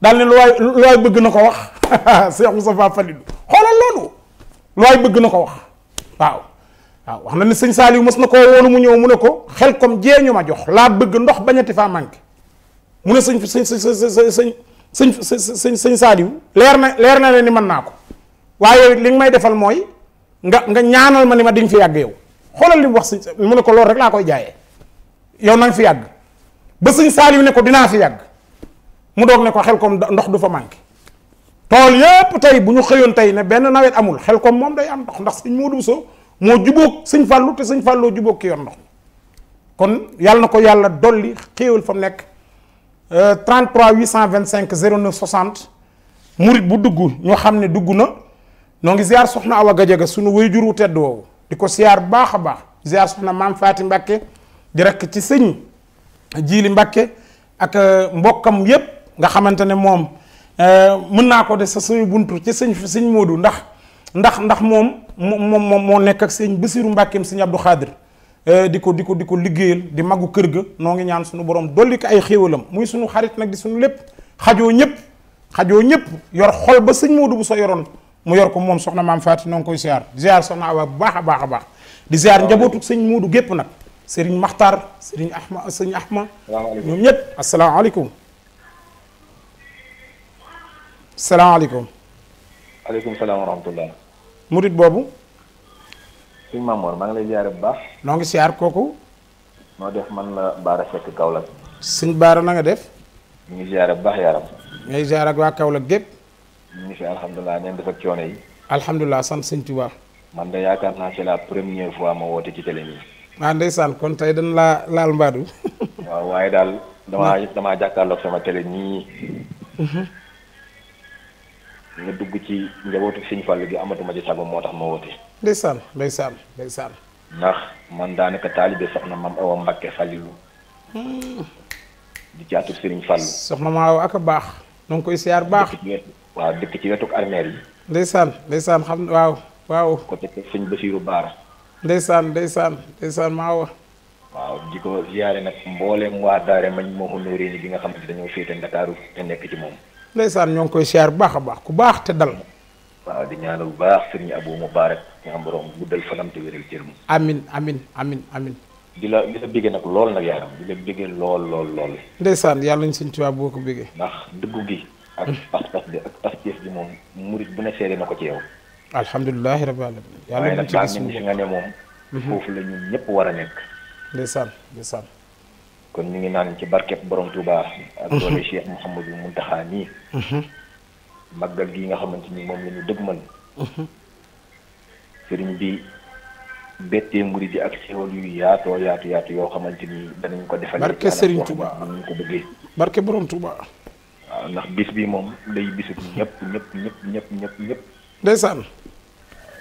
Speaker 2: dal ne lu waay lu waay bëgg na ko wax Cheikh Moustapha Falidou xoolal loolu lu waay bëgg na ko wax waaw waaw wax na ne sëñ Saliou mos na koo woonu mu ñëw mu ne ko xel comme ñu ma jox laa bëgg ndox bañati faa manqué mu ne sëñ sëñ sëñ sëñ sëñ sëñ Saliou leer na leer na leen ni mën naa ko waaye li nga may defal mooy nga nga ñaanal ma ni ma di fi yàgg yow xoolal li mu wax sëñ mu ne ko loolu rek laa koy jaayee yow na fi yàgg ba sëñ Saaliw ne ko dinaa fi yàgg mu doog ne ko xel kom ndox du fa manqué tool yépp tey bu ñu xëyoon tey ne benn nawet amul xel kom moom day am ndox ndax sëñ Moodu Bousso moo jubóog sëñ Fàllu te sëñ Fàlloo jubóog ki yoon ndox kon yàlla na ko yàlla dolli xéewal fa mu nekk 33 825 09 60 murit bu dugg ñoo xam ne dugg na noo ngi ziar soxna Awa Gadiaga suñu wayjur wu tedd woowu di ko siyaar bu baax a baax ziar soxna maam Faati Mbàkke di rek ci sëñ Jiili Mbàkke ak euh, mbokkam yépp nga xamante ne moom euh, mën naa ko de sa suñu bunt ci sëñ sëñ Moodu ndax ndax ndax moom moom moom moo nekk ak sëñ Basiiru Mbàkkeem sëñ Abdu Xaadir euh, di ko di ko di ko liggéeyal di magu kër ga noo ngi ñaan suñu borom dolli ko ay xéewalam muy suñu xarit nag di suñu lépp xajoo ñëpp xajoo ñëpp yor xol ba sëñ Moodu bu yoroon mu yor ko moom soxna maam Faati noo ngi koy ziar ziar soxna Awa bu baax a baax a baax di ziar njabootu sëñ Muudu gépp nag sëriñ Maxtaar sëriñ Ahma sëriñ Ahma ñoom ñëpp asalaamaaleykum salaamaaleykum
Speaker 6: aleykum alekum wa rahmatullah murit boobu sëñ Mamoor maa ngi lay ziare
Speaker 2: bu baax noo ngi ziar kooku noo def man la Baara kaw la sëñ Baara na nga def ñu ngi bu baax yaram ngay ziar ak waa Kaolack gépp ñu ngi fi alhamdulilah
Speaker 6: neen def coono yi. alhamdulilah sant sëñ man de yaakaar naa c'est la première fois ma woote ci télé bi.
Speaker 2: ah ndeysaan kon tey dañ laa laal mbaadu.
Speaker 6: waaw waaye daal damaa damaa jàkkaarloog sama télé nii. Mhm. nga dugg ci njabootu sëñ Fall gi amatuma ci sago moo tax ma woote.
Speaker 2: ndeysaan ndeysaan
Speaker 6: ndax man daanaka taalibe soxna
Speaker 2: hmm. soxna ma Awa ak a baax. na nga koy siyaar baax.
Speaker 6: waaw dëkk ci wetuk armeel
Speaker 2: yi. ndeysaan ndeysaan xam waaw waaw. côté kër sëñ Basiirou Baara. ndeysaan ndeysaan ndeysaan Maawa.
Speaker 6: waaw di ko ziare nag mbooleem waa Daara mañ moo ko nuuree ni bi nga xam dañoo féete Ndakaaru te nekk ci moom.
Speaker 2: ndeysaan ñoo ngi koy ziar bu baax a baax ku baax te dal.
Speaker 6: waaw di ñaanal bu baax sëriñ Abou Moubarak nga am borom guddal fanam te wéral cëram. amin
Speaker 2: amin amin amin.
Speaker 6: di la di la nag lool nag di la lool lool lool.
Speaker 2: ndeysaan yàlla ñu sëñ boo ko ndax
Speaker 6: dëggu gi. ak pas-pas bi ak pas-pas bi moom murit bu ne seede na ko ci yow.
Speaker 2: alhamdulilah rabbil alamin. yàlla nañ ci gis waaye
Speaker 6: nag nga ne moom. Mhm. foofu la ñun ñëpp war a nekk.
Speaker 2: ndeysaan ndeysaan.
Speaker 6: kon ñu ngi naan ci barkeb borom Touba. ak mhm. doole Cheikh Mouhamadou Mountakha nii. Mhm. màggal gi nga xamante ni moom la ñu dëgmal. sëriñ bi bettee murid yi ak xéwal yu yaatoo yaatu yaatu yoo xamante ni danañ ko defal. barke Sëriñ Touba danañ ko bëggee. barke borom Touba. ndax bis bi moom day bisu ñëpp ñëpp ñëpp ñëpp ñëpp ñëpp. ndeysaan.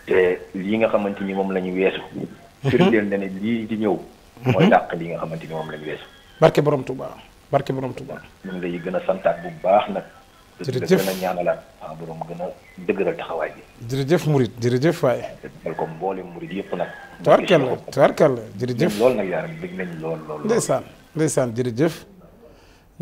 Speaker 6: te lii nga xamante ni moom la ñu weesu. Mhm. firndeel na ne lii di ñëw. Mhm. mooy dàq lii nga xamante ni moom la ñu weesu.
Speaker 2: barke borom Touba barke borom
Speaker 6: Touba. ñu ngi lay gën a santaat bu baax nag. jërëjëf gën a ñaanalaat ah borom gën a dëgëral taxawaay bi.
Speaker 2: jërëjëf Murit jërëjëf waay.
Speaker 6: dëggal ko mboolem Murit yëpp nag. tawarkal la
Speaker 2: tawarkal la jërëjëf loolu nag
Speaker 6: yaram dëgg nañ lool lool. ndeysaan
Speaker 2: ndeysaan jërëjëf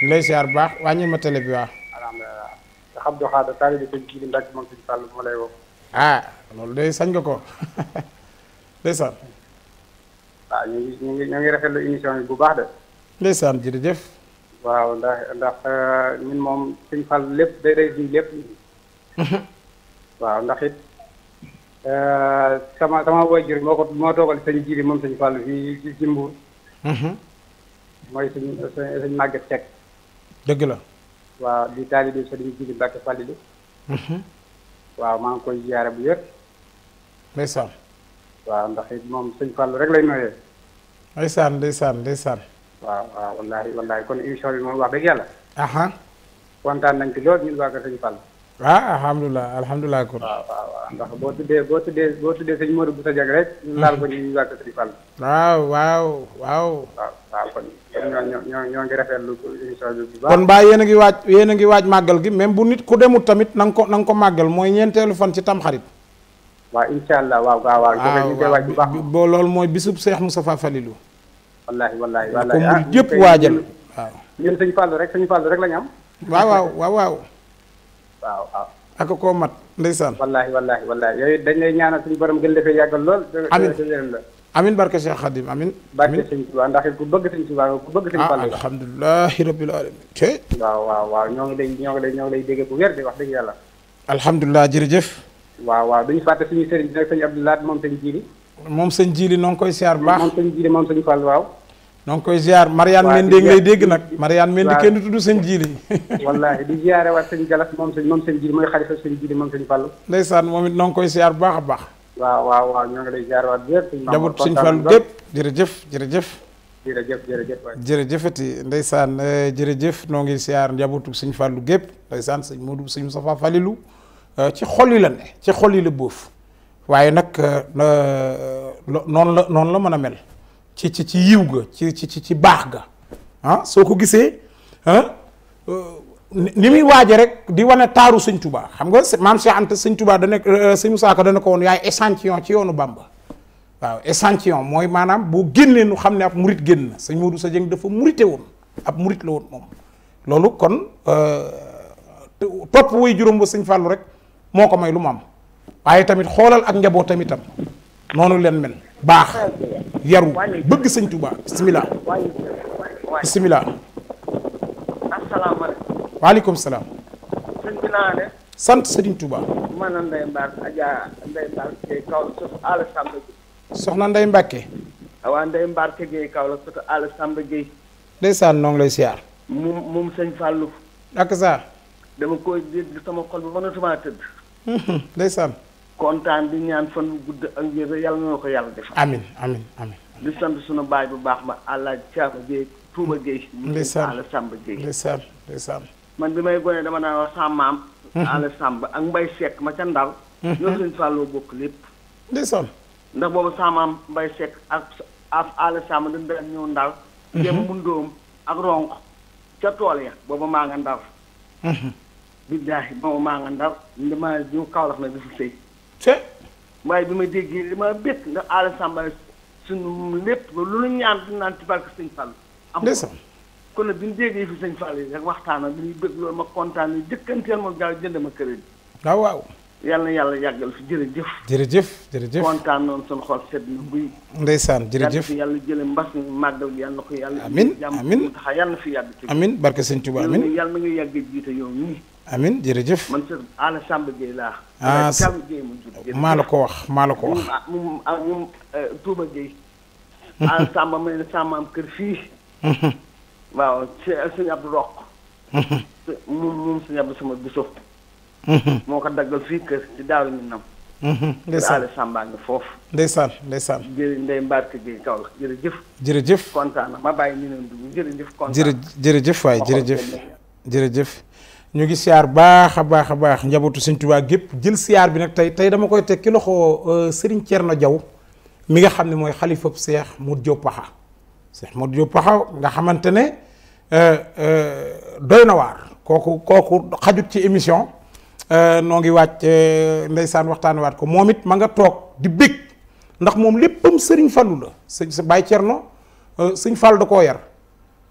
Speaker 2: ñu lay siyaar bu baax wàññil ma télé bi waaw.
Speaker 7: alhamdulilah nga xam doxaa da taalibe sëñ kii di Mbàkke moom sëñ Fall ma lay woo.
Speaker 2: ah sañ nga ko ndeysaan.
Speaker 7: waaw ah, ñu ngi ñu ngi ñu ngi rafetlu émission bi bu baax de.
Speaker 2: ndeysaan jërëjëf.
Speaker 7: waaw ndax ndax euh, ñun moom sëñ Fall lépp day day suñ lépp. waaw ndax it euh, sama sama waajur ci Mbuur. Mhm. mooy suñ suñ suñ màgget dëgg la. waaw di taalibe Sëriñ Jili Mbàkke Fàllilu. Mhm. waaw maa ngi koy ziyaare bu yëpp. ndeysaan. waaw ndax it moom sëñ Fàllu rek lay nooyee.
Speaker 2: ndeysaan ndeysaan ndeysaan.
Speaker 7: waaw waaw wallaahi wallaahi kon émission bi moom dëgg yàlla. kontaan nañ ci lool ñun waa kër sëñ Fàllu.
Speaker 2: ah waaw waaw
Speaker 7: ndax boo tuddee boo tuddee boo tuddee sëñ Modou Boussa Dieng rek. ñu laal ko ñu mhm. ñu waa kër
Speaker 2: waaw waaw waaw.
Speaker 7: waaw waaw kon. kon baa yéen a
Speaker 2: ngi waaj yéen a ngi waaj màggal gi même bu nit ku demut tamit nang ko nang ko magal moy ñentelu fan ci tam xarit
Speaker 7: wa inshallah wa wa wa joxe ñu koy bu
Speaker 2: baax. boo loolu mooy bisub cheikh Moustapha Falilou.
Speaker 7: wallahi wallahi wallahi ah ko yëpp waajal waaw. ñun suñu fàllu rek suñu fàllu rek la ñu am.
Speaker 2: wa wa wa wa waaw ak ko mat ndeysaan.
Speaker 7: wallahi wallahi wallahi yoy dañ lay ñaanal suñu borom gën defé yagal lol amiin
Speaker 2: amin barke Cheikh Khadim amin
Speaker 7: barke Sëñ Tuubaa ndax ku bëgg Sëñ Tuubaa ku bëgg Sëñ Fallu ah, alhamdulilahi rabbil alamin te waaw waaw waaw ñoo ngi lay ñoo ngi lay ñoo ngi lay dégg bu wér de wax dëgg yàlla
Speaker 2: alhamdulilah jërëjëf
Speaker 7: waaw waaw duñu fàtte suñu sëriñ bi nag sëñ Abdoulaat moom sëñ Jiili
Speaker 2: moom sëñ Jiili noo ngi koy ziar bu baax
Speaker 7: moom sëñ Jiili moom sëñ Fall waaw
Speaker 2: noo ngi koy ziar Mariane Mendy ngi lay dégg nag Mariane Mendy kenn du
Speaker 7: tudd sëñ Jiili wallaahi di ziare waat sëñ Galas moom sëñ moom sëñ Jiili mooy xalifa sëñ Jiili moom sëñ Fallu
Speaker 2: ndeysaan moom it noo ngi koy ziar bu baax a baax
Speaker 7: waaw waaw waaw ñoo ngi lay ziar waat yëpp. njaboot suñ Fallu gépp
Speaker 2: jërëjëf jërëjëf.
Speaker 7: jërëjëf jërëjëf waay
Speaker 2: jërëjëfati ndeysaan eh, jërëjëf noo ngi siyaar njabootu suñ Fallu gépp ndeysaan sëñ Modou sëñ Moustapha Falilou eh, ci xol yi la ne ci xol yi la bóof waaye nag eh, noonu la noonu la mën a mel ci ci ci yiw ga ci ci ci baax ga ah, soo ko gisee ah ni muy waaje rek di wane taaru sëñ Touba xam nga maam Cheikh Anta sëñ tubaa da nekk euh, sëñ Moussa Ka dana ko woon yaay échantillon ci yoonu Bamba waaw échantillon mooy maanaam boo génnee nu xam ne ab murit génn na sëñ Modou Sa Dieng dafa murite woon ab murit la woon moom loolu kon euh, topp way juróom ba sëñ Fallou rek moo ko may lu mu am waaye tamit xoolal ak njaboot tamitam noonu leen mel baax yaru bëgg sëñ Touba bisimilah. waaleykum salaam.
Speaker 1: sant naa ne.
Speaker 2: sant Serigne Touba.
Speaker 1: maanaam Ndeye Mbacke Adja Ndeye Mbacke Gueye Kaolack sotu Alla Samba Gueye.
Speaker 2: soxna Samba lay
Speaker 1: Fallou. ak dama sama xol mhm, di ñaan fan gudd ak yéen yàlla na ko yàlla defal.
Speaker 2: amin amin. amiin.
Speaker 1: di sant sunu baay bu baax ma àllaaji Caaba Gueye Touba Gueye. ndeysaan Samba man bi may gone dama naan wa sama maam. Mhm. Alla Samb ak Mbay Seck ma ca Ndar. Mhm. ñoo sëñ Fallou bokk lépp. ndeysaan. ndax boobu sama maam Mbay Seck ak ak Alla Samb dañu daan ñëw Ndar. Mhm. jéem mu ak ronk ca tool ya boobu maa nga Ndar. billaahi boobu maa nga Ndar li ma ñu Kaolack nag dafa sëy. c'est. waaye bi ma déggee li ma bett nga Alla Samb suñu lépp lu ñu ñaan di naan ci barke sëñ Fallou. am kon bi ñu déggee waxtaan ak bi ñuy bëgg loolu kontaan yi jëkkanteel ma gaaw jënd ma crédit. a ah, waaw. yàlla na yàlla yàggal fi jërëjëf. jërëjëf jërëjëf kontaan noonu sunu xol sedd na buy.
Speaker 2: ndeysaan jërëjëf
Speaker 1: yàlla jële mbas mi màggal gi yàlla ko yàlla. amiin amiin yàlla na fi yàgg. amiin
Speaker 2: barke sëñ Touba amiin
Speaker 1: yàlla na nga yàgg jiite yow nii.
Speaker 2: jërëjëf man sër
Speaker 1: Alla Samba Gueye laa. ah maa la
Speaker 2: ko wax maa ko wax.
Speaker 1: moom ah, moom ah, euh, Touba Gueye. Alla Samba may na Samba am kër fii. Mhm. waaw si sëñ Abdou Roq. moom moom sëñ Abdou sama biso. moo ko daggal fii kër ci Daaru Minam.
Speaker 2: ndeysaan Aliou
Speaker 1: Samba nga foofu. ndeysaan ndeysaan. jërë ndey Mbarké Guèye Kaolack jërëjëf. jërëjëf ma bàyyi ñu leen dugg jërëjëf.
Speaker 2: jërëjëf waay jërëjëf jërëjëf. ñu ngi siyaar baax a baax a baax njabootu Sëñ Tuubaa gépp jël siyaar bi nag tey tey dama koy teg ki loxo euh, Serigne Thierno Diaw mi nga xam ne mooy xalifab Seex Mu Jóob Cheikh Modou Diop Pakhaw nga xamante ne euh, euh, doy na waar kooku kooku xajut ci émission euh, noo ngi wàcc ndeysaan waxtaan waat ko moom it ma nga toog di bég ndax moom léppam sëriñ Fallu la sëñ sa Baye Thierno sëñ Fall da koo yar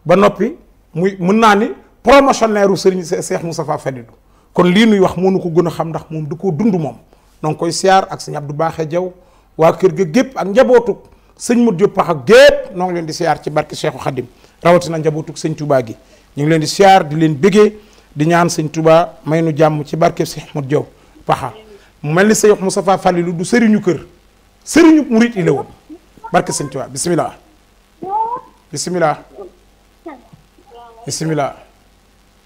Speaker 2: ba noppi muy mën naa ni promotionnaire u sëriñ Cheikh Moustapha Falilou kon lii nuy wax moo nu ko gën a xam ndax moom du koo dund moom noo koy siyaar ak sëñ Abdou Baaxe Jaw waa kër gi gépp ak njabootu seigne mut pakh Paxa no ngi len di siar ci barke Cheikhou Khadim na njabootug seigne Touba gi ñi ngi len di siar di len bëggee di ñaan seigne Touba may nu jàmm ci barke Cheikh Mut Diop mu melni ni mustapha Moustapha Fallilu du sëriñu keur sëriñu murit yi won barke seigne Touba bisimilah bisimilah bisimilah.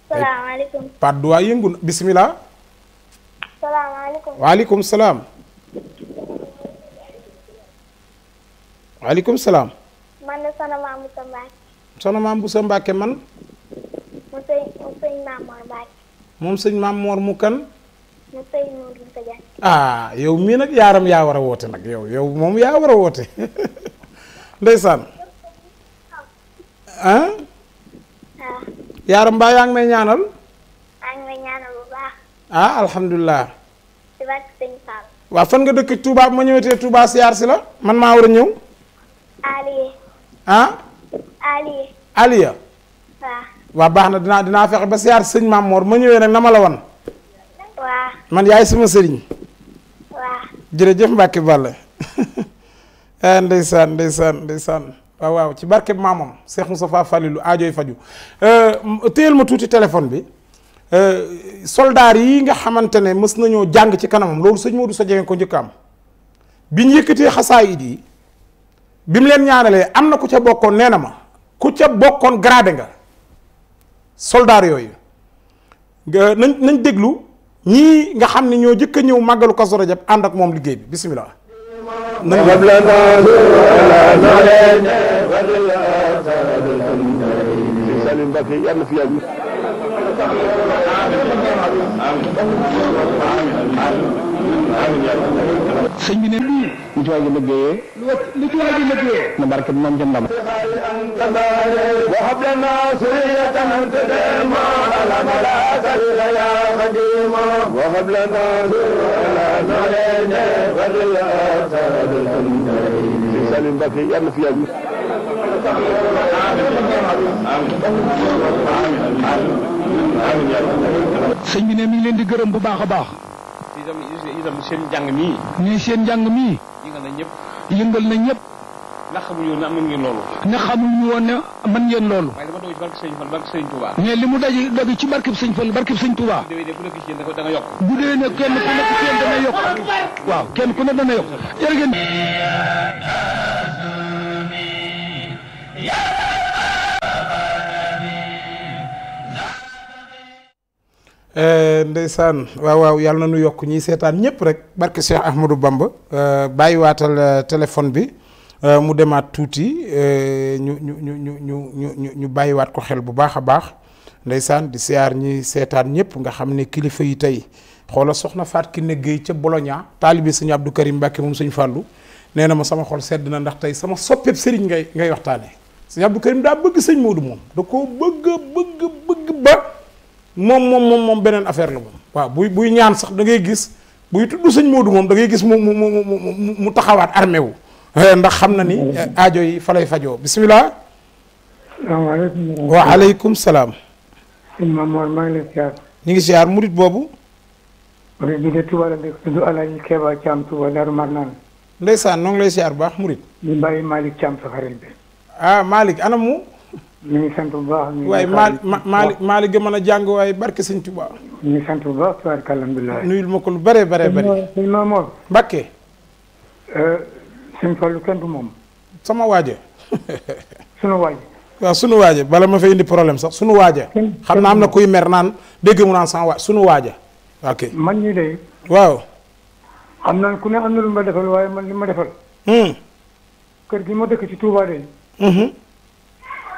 Speaker 8: salaamaaleykum.
Speaker 2: Patte bismillah
Speaker 8: yëngu alaykum wa
Speaker 2: alaykum salaam. waaleykum salam.
Speaker 1: man la soxna Maam Boussa Mbacke.
Speaker 2: soxna Maam Boussa Mbacke man. mu sëñ mu sëñ Maam Mor Mbacke. mu kan. ah yow mii nag yaaram ya wara wote nak nag yow yow moom yaa war a woote ah. Ya. mbaa yaa ngi may ñaanal.
Speaker 4: ang may ñaanal bu baax.
Speaker 2: ah alhamdulilah. ci wàllu sëñ Fall. waaw fan nga dëkk Touba ma ñëwetee Touba siar si la man ma wara a Ah? Aliya. waa baax na dinaa dinaa fexe ba siyaar sëñ Maam Mor ma ñëwee nag na ma la wan. waaw. man yaay sama sëriñ. waaw. jërëjëf Mbacke Balla. Eh, ndeysaan ndeysaan ndeysaan waaw waaw ci barkeb maamam Cheikh Moustapha Falilou aajooy faju eh, téyel ma tuuti téléphone bi eh, soldaar yi nga xamante ne mës nañoo jàng ci kanamam loolu sëñ Modou Sow ko njëkk am bi ñu yëkkatee xasaayid yi bi mu leen ñaanalee am na ku ca bokkoon nee na ma ku ca bokkoon gradé nga soldaar yooyu nga nañ nañ déglu ñii nga xam ni ñoo jëkk a ñëw màggalu Kazu Rajab ànd ak moom liggéey bi bisimilah.
Speaker 1: nañ sëñ bi ne lii lu ci waa ji liggéeyee lu ci waa ji liggéeyee na barke bi moom ca ndam وهبنا سرية تدعما على ملاك يا قديما وهب لنا سرية وليات سلم بك يلا في أبي
Speaker 4: sëñ bi ne mi ngi leen di gërëm bu baax a baax
Speaker 1: itam itam
Speaker 4: seen njàng mii. nii seen njàng mii. yëngal na ñëpp. na ñëpp. ndax xamuñu woon
Speaker 1: ne am ngeen loolu. ndax xamuñu woon ne mën ngeen loolu.
Speaker 4: waaye li
Speaker 1: ma doon ci barke mu daje dog ci barke Sëñ Fall barke Sëñ Touba.
Speaker 4: bu déwénee ku nekk da nga yokk. bu déwénee kenn ku nekk ci yéen dana yokk.
Speaker 1: waaw kenn ku nekk dana yokk. jërëjëf.
Speaker 2: Eh, ndeysaan waaw waaw yàlla na nu yokk ñiy seetaan ñëpp rek barke Cheikh Ahmadou Bamba eh, bàyyiwaatal eh, téléphone bi mu demaat tuuti ñu ñu ñu ñu ñu ñu ñu bàyyiwaat ko xel bu baax a baax ndeysaan di siyaar ñi seetaan ñëpp nga xam ne kilifa yi tey xoola soxna Faat Kiné Guèye ca Bologna taalibe suñu Abdou Karim Mbacke moom suñu fàllu nee na ma sama xol sedd na ndax tey sama soppeeb sëriñ ngay ngay waxtaanee suñu Abdou Karim daa bëgg sëñ moom da koo bëgg moom moom moom moom beneen affaire la moom waaw buy buy ñaan sax da ngay gis buy tudd sëñ Modou moom dangay gis mu mu mu mu taxawaat armé wu eh, ndax xam na ni mm-hmm. eh, aajo yi fa lay fajoo bisimilah. salaamaaleykum. salaam. sëñ maa ngi lay ñu ngi ziar murit boobu. murit bi de Touba la dëkk noo ngi lay ziar bu baax murit. di bàyyi Malick Caam sa bi. ah Malick anamu. ñu ngi sant bu baax. waaye maal maal maal gi mën a jàng waaye barke sëñ Tuubaa. ñu ngi sant bu baax tubaarka alhamdulilah. nuyul ma ko lu bëree bëree bëri. sëñ Maamoor Mbàkke. Euh, sëñ Fallu kenn du moom. sama waaje. sunu waaje. waaw sunu waaje bala ma fay indi problème sax sunu waaje. xam naa am na kuy mer naan dégg mu naan sama waaj sunu waaje. ok man ñi de. waaw. xam naa ku ne am na lu ma defal waaye man li ma defal. Hmm. kër gi ma dëkk ci
Speaker 8: Touba de. Hmm.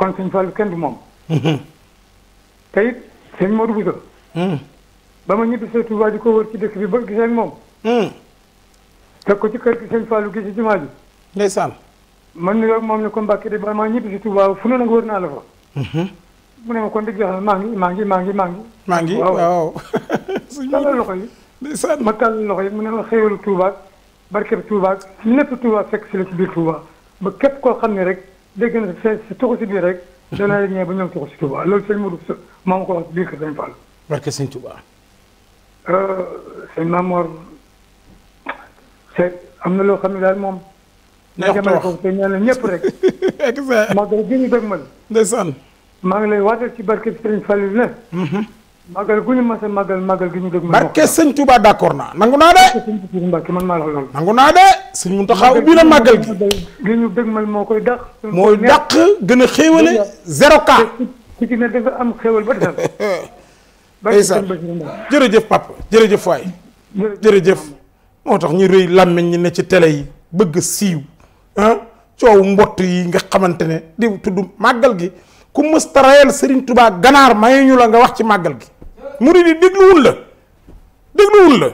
Speaker 8: kon sëñ Fallou kenn du moom. Mhm. te it sëñ Modou Bousso. Mhm. ba ma ñibbi see Touba di ko wër ci dëkk bi ba gisee ak moom. teg mhm. ko ci kër gi sëñ Fallou gi ci jumaa ji. ndeysaan. man ni yow moom ne ko Mbàkke de ba ma ñibbi si Touba fu ne nag wër naa la fa. mu ne ma kon dëgg yàlla maa ngi maa ngi maa ngi maa ngi. maa ngi waaw suñu tàllal loxo yi. ndeysaan ma tàllal loxo yi mu ne ma xéwalu Touba barkeb Touba lépp Touba fekk si la ci biir Touba ba képp koo xam ne rek. dégg nag sa tuxu si biir rek. dana la ñëw ba ñoom tuxu si Touba loolu sa Modou maa ma ko wax biir kër Sëñ Fall.
Speaker 2: barke sëñ Touba.
Speaker 8: Euh, sëñ na loo xam ne daal moom. ndax wax dëgg ko te ñaan la ñëpp rek. exactement Magal gi ñu dëgmal. ndeysaan. maa ngi lay waatal ci barke Sëñ Fall ne. magal mm-hmm. gu ñu mas a magal magal gi ñu dëgmal. barke
Speaker 2: sëñ Touba d'accord naa nangu naa de.
Speaker 8: barke sëñ Touba man maa la wax loolu. nangu naa de. suñ Muntaxa ubbi na màggal gi. li ñu moo koy
Speaker 2: dàq. mooy dàq gën a xéewale zéro cas. ku ci am xéewal ba jërëjëf papa jërëjëf waay. jërëjëf moo tax ñu rëy làmmiñ ñi ne ci tele yi bëgg siiw ah coow mbott yi nga xamante ne di tudd màggal gi ku mës tarayal Serigne Touba ganaar ñu la nga wax ci màggal gi. murid yi dégluwul la dégluwul la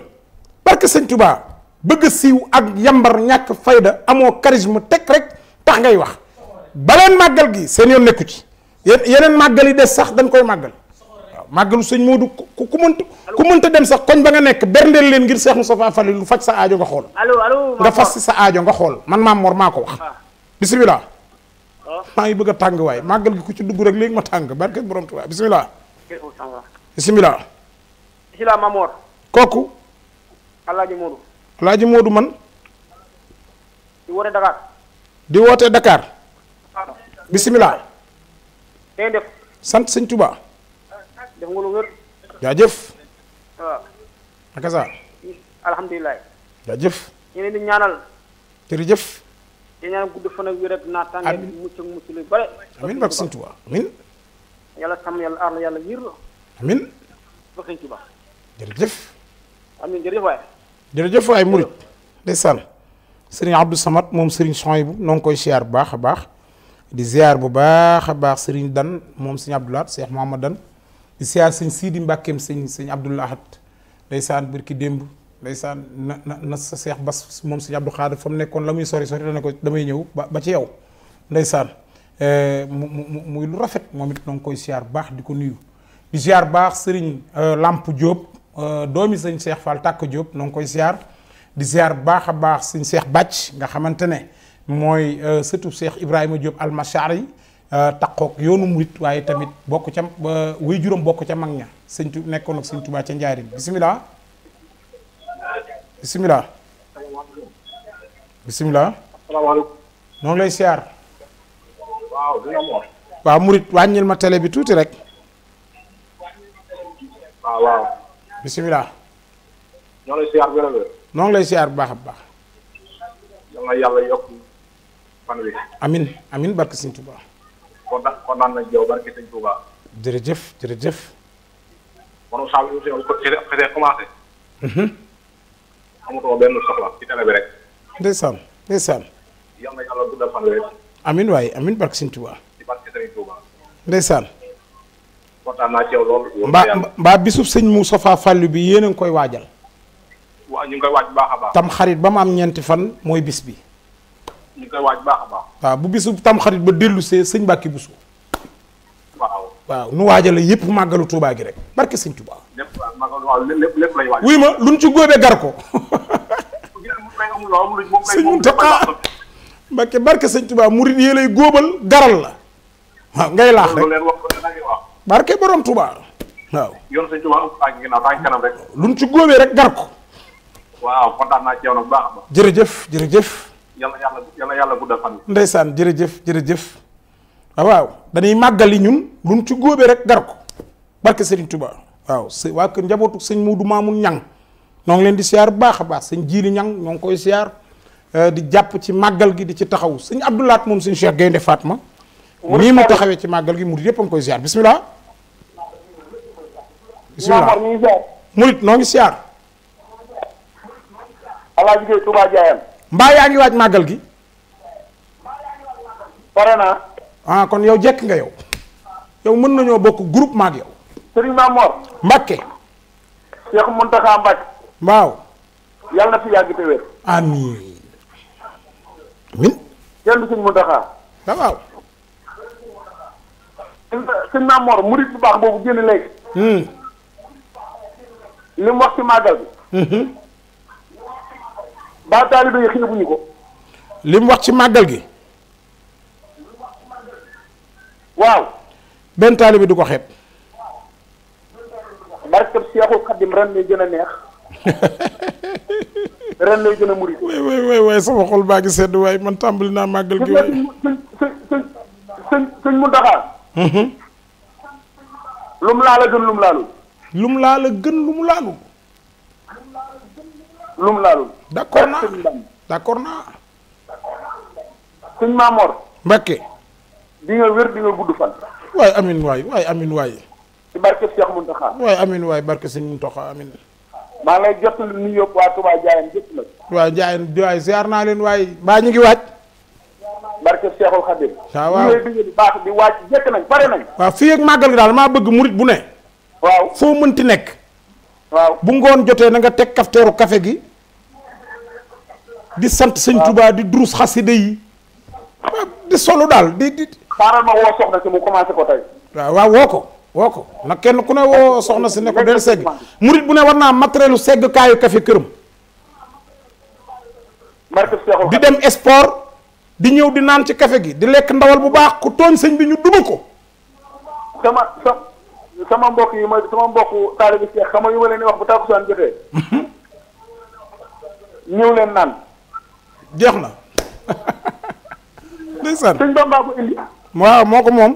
Speaker 2: barke Sëñ Touba. bëgg siiw ak yambar ñàkk fayda amoo charisme tekrek rek tax ngay wax baleen màggal gi seen yoon nekku ci yeneen màggal yi des sax dañ koy màggal waaw màggalu sëñ Moodu ku ku mënta ku mënta dem sax koñ ba nga nekk berndeel leen ngir cheikh Moustapha Fall lu faj sa aajo nga xool
Speaker 1: allo allo nga fas sa
Speaker 2: aajo nga xool man maam Mor maa ko wax ah. bismillah oh. maa ngi bëgg a tàng waay màggal gi ku ci dugg rek léegi ma tàng barke borom tuba bismillah bismillah
Speaker 4: bismillah kooku Alaaji Moodu
Speaker 2: Alaaji Moodu man. di woote dakaar di woote Dakar. bisimilah. day def. sant sëñ Touba. def nga lu wér. jaajëf. waaw. naka saa. alhamdulilah. jaajëf. ñu leen di ñaanal. jërëjëf.
Speaker 4: di ñaanal gudd fan ak wér ak naataange. amiin mucc mucc lu bare.
Speaker 2: amiin barke sëñ Touba amiin.
Speaker 4: yàlla sàmm yàlla aar la yàlla wiir la. amiin. barke sëñ Touba. jërëjëf. amiin jërëjëf waaye.
Speaker 2: jërëjëf waay murit ndeysaan serigne Abdou Samad mom serigne Sohaybu nong koy siyaar bu baax baax di ziar bu bah a baax Dan mumsing serigne abdoulat Cheikh mohammed Dan di siyaar serigne Sidi mbakem serigne serigne Abdou ndaysan birki demb ndaysan na na sa Cheikh Bass mom serigne Abdou khadir fam nekkon lamuy sori sori dana ko damay ñew ba ci yow eh, mu muy lu rafet momit nong koy baax di nuyu di ziar baax serigne eh, Lamp Diop Euh, doomi sëñ Cheikh Fall Tàkk jóob noo koy ziar di ziar baax a baax sëñ Cheikh Bàcc nga xamante ne mooy euh, sëtu Cheikh Ibrahima Diop almachar yi euh, takkook yoonu murit waaye tamit bokk ca way juróom bokk ca mag ña sëñ tu nekkoon ak sëñ Tuubaa ca njaarim bisimilah bisimilah bisimilah lay siyaar
Speaker 6: waaw dina
Speaker 2: murit wàññil ma télé bi tuuti rek bisimilah.
Speaker 6: ñoo lay siyaar wér
Speaker 2: lay siyaar bu baax a baax.
Speaker 7: yàlla yokk fan wi.
Speaker 2: amin amin barke sëñ Touba.
Speaker 7: kontaan kontaan nañ yow barke sëñ Touba.
Speaker 2: jërëjëf jërëjëf.
Speaker 7: kon saa yu ko xasee commencé. Mhm. benn soxla ci télé bi rek.
Speaker 2: ndeysaan ndeysaan. amin waaye amin barke sëñ Touba.
Speaker 7: kontaan naa ci yow lool. mbaa
Speaker 2: mbaa sëñ Moustapha Fallou bi yéen a ngi koy waajal.
Speaker 7: waaw ñu ngi koy a baax. tam
Speaker 2: xarit ba mu am ñeenti fan mooy bis bi. ñu bu baax a waaw bu bisub tam xarit ba dellu sëñ Mbacke Bousso.
Speaker 1: waaw waaw
Speaker 2: nu waajale yëpp màggalu Touba gi rek barke sëñ Touba.
Speaker 4: lépp lay waaj. wuy ma luñ ci góobee gar
Speaker 2: ko. sëñ Mountakha Mbacke barke sëñ Touba murid yee lay góobal garal la waaw ngay laax rek. barke borom touba waw
Speaker 7: yoon seigne touba ak gina tan kanam rek
Speaker 2: luñ ci goobé rek gar ko
Speaker 7: waw kontaan na ci yow nak baax ba jere jef yalla yalla yalla yalla guddal
Speaker 2: jere jef jere jef waw dañuy magali ñun luñ ci góobe rek gar ko barke Serigne Touba waaw wa ke njabootu sëñ modou Mamoun Ñang noo leen di siar baax a baax sëñ jili Ñang ñong koy siar euh di japp ci magal gi di ci taxaw sëñ abdoulat mom sëñ Cheikh Gaynde Fatma ni mu taxawé ci magal gi mu yëpp a koy bismillah bismillah murit noo ngi siyaar alaaji gay tuba jaayam mbaa yaa ngi waaj màggal gi pare ah kon yow jekk nga yow yow mën nañoo bokk groupe maag yow
Speaker 4: sëriñ Mamor Mbakke Cheikh Muntaxa Mbakke waaw yàlla fi yàgg te wér amiin amiin kenn du sëñ Muntaxa ah, waaw Mamor bu baax li mu wax ci màggal bi. Mhm. ba taalibe yi xeebuñu ko. li mu wax ci màggal gi.
Speaker 2: waaw. benn taalibe du ko xeeb.
Speaker 4: barkeb Seexul Xadim ren lay gën a neex.
Speaker 1: ren lay gën a murit.
Speaker 2: waay waay waay sama xol baa ngi sedd waaye man tàmbali naa màggal gi. waay sëñ sëñ sëñ sëñ mu ndaxaar. Mhm. lum laala gën lum laalul. lu laa laal a gën lu mu laalul. lu mu laalul. d'accord naa d'accord naa. sëñ Mamor. Mbakke. di nga wér di nga gudd fan. waay amin waay waay amin waay. ci barke Cheikh Mountakha. waay amin waay barke sëñ Mountakha amin. maa ñu naa leen waay mbaa ñu ngi waaj. barke Cheikhul Khadim. waaw waaw
Speaker 4: di baax di waaj jëkk nañ bare nañ.
Speaker 2: gi daal maa bëgg murit bu ne. waaw foo mënti nekk. waaw bu ngoon jotee na nga teg kafteeru kafe gi. di sant sëñ Touba di durus xaside yi. di solo daal di di. xaaral ma woo soxna commencé ko waaw woo ko woo ko nag kenn ku ne woo soxna si ne ko del segg murit bu ne war naa matérielu segg kaayu kafe këram. di dem sport di ñëw di naan ci kafe gi di lekk ndawal bu baax ku tooñ sëñ bi ñu duma ko.
Speaker 4: sama mbokk yi ma sama mbokk taalibi Cheikh xam nga yu ma leen di wax bu tàkkusaan jotee. ñëw leen naan. jeex na. ndeysaan sëñ Bamba ko indi.
Speaker 2: waaw moo ko moom.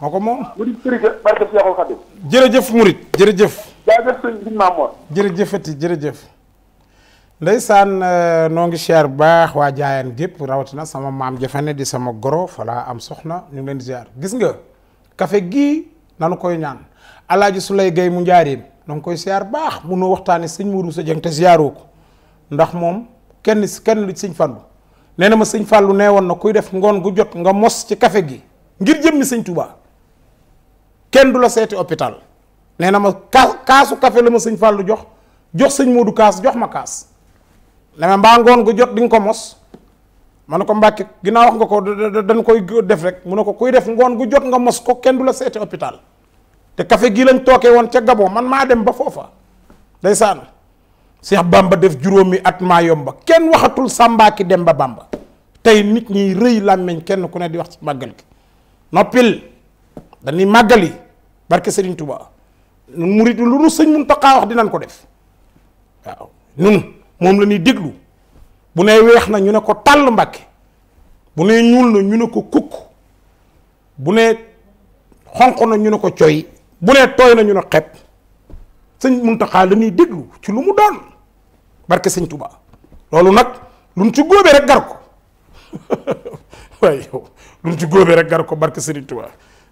Speaker 2: moo ko moom. mu di sëriñ barke Cheikhul Khadim. jërëjëf Murit jërëjëf. jaajëf sëñ bi Mamour. jërëjëfati jërëjëf. ndeysaan euh, noo ngi siyaar baax waa jaayaan gépp rawatina sama maam jafane di sama goro fa am soxna ñu ngi leen di siyaar gis nga café gii nanu koy ñaan alaaji sulay gay mu njaareem dang koy siyaar baax munoo waxtaane sëñ muru sa jëng te siyaaroo ndax moom kenn kenn lu sëñ fàllu nee na ma sëñ fàllu nee na kuy def ngoon gu jot nga mos ci kafe gi ngir jëmmi sëñ tubaa kenn du la seeti hôpital nee ma kaasu kafe la ma sëñ fàllu jox jox sëñ moodu kaas jox ma kaas dama mbaa ngoon gu jot ko mos man ko mbacke ginaaw wax nga ko dañ koy def rek mu ne ko kuy def ngon gu jot nga mos ko kenn du la hôpital té café gi lañ toké won ci gabon man ma dem ba fofa ndaysan cheikh bamba def juromi at ma yomba kenn waxatul ki dem ba bamba tay nit ñi reuy lamagne kenn ku ne di wax ci ki nopil dañ ni magali barke Serigne Touba nun lu nu serigne muntaka wax dinañ ko def waaw nun mom la bu nee weex na ñu ne ko tàll mbàkke bu nee ñuul na ñu ne ko kukk bu nee xonq na ñu ne ko coy bu nee tooy na ñu ne xepp sëñ Muntaxa la ñuy déglu ci lu mu doon barke sëñ Tuba loolu nag luñ ci góobee rek gar ko luñ ci góobee rek gar ko barke sëriñ Tuba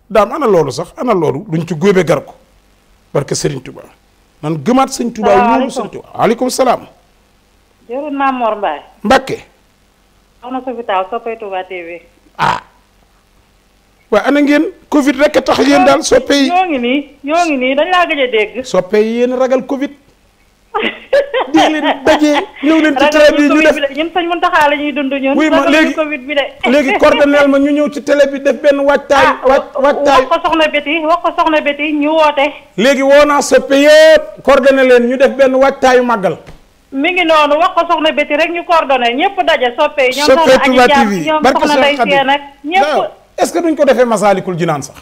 Speaker 2: daam ana loolu sax ana loolu luñ ci góobee gar ko barke sëriñ Tuba nan gëmaat sëñ Tuba ñuulu sëñ Tuba aleykum salaam
Speaker 7: jërëjëf Mame Mor Mbaye. Mbakke. soxna Sophie Tall soppay Touba TV.
Speaker 2: ah. waaw ana ngeen Covid rek a tax yéen daal soppay. ñoo
Speaker 7: ngi nii ñoo ngi nii dañ laa gëj a dégg. soppay yéen ragal Covid. dig leen dajee ñëw leen ci télé bi ñu def ñuy dund ñun. oui ma léegi bi de.
Speaker 2: ma ñu ñëw ci télé def benn waajtaay. Ah,
Speaker 7: waajtaay wax ko soxna Betty wax ko soxna Betty ñu
Speaker 2: woote. léegi woo naa soppe yëpp leen ñu def benn waajtaayu màggal.
Speaker 7: mi ngi noonu wax ko soxna Béti rek ñu coordonné ñëpp daje soppe yi. ñoom soxna Touba TV ñoom soxna Ndeye Sène ak ñëpp.
Speaker 2: est-ce que duñ ko defee Masaalikul Jinaan sax.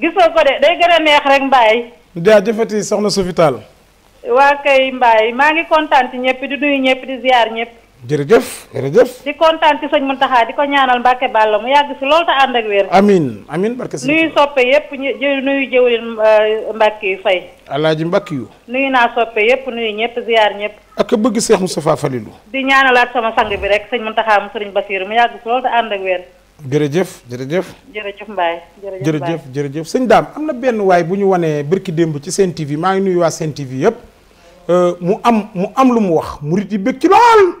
Speaker 7: gisoo ko de day gën a neex rek Mbaye.
Speaker 2: jaajëfati soxna Sofital.
Speaker 7: waa kay Mbaye maa ngi kontaan ci ñëpp di nuyu ñëpp di siyaar ñëpp.
Speaker 2: jërëjëf jërëjëf.
Speaker 7: di kontaan ci sëñ Mountakha di ko ñaanal Mbacke Balla mu yàgg si loolu te ànd ak wér. amiin amiin barke si. nuyu soppe yëpp ñu nuyu jëwlin euh, Mbacke yu fay.
Speaker 2: alaaji Mbacke yu.
Speaker 7: nuyu naa soppe yëpp nuyu ñëpp ziar ñëpp.
Speaker 2: ak bëgg Seex Moustapha Falilou.
Speaker 7: di ñaanalaat sama sang bi rek sëñ Mountakha mu sëriñ Basiir mu yàgg si
Speaker 2: jërëjëf jërëjëf.
Speaker 7: jërëjëf Mbaye jërëjëf
Speaker 2: jërëjëf sëñ Daam am na benn waay bu ñu wanee bërki démb ci seen TV maa ngi nuy waa seen TV yëpp euh, mu am mu am lu mu wax murit yi bëgg ci lool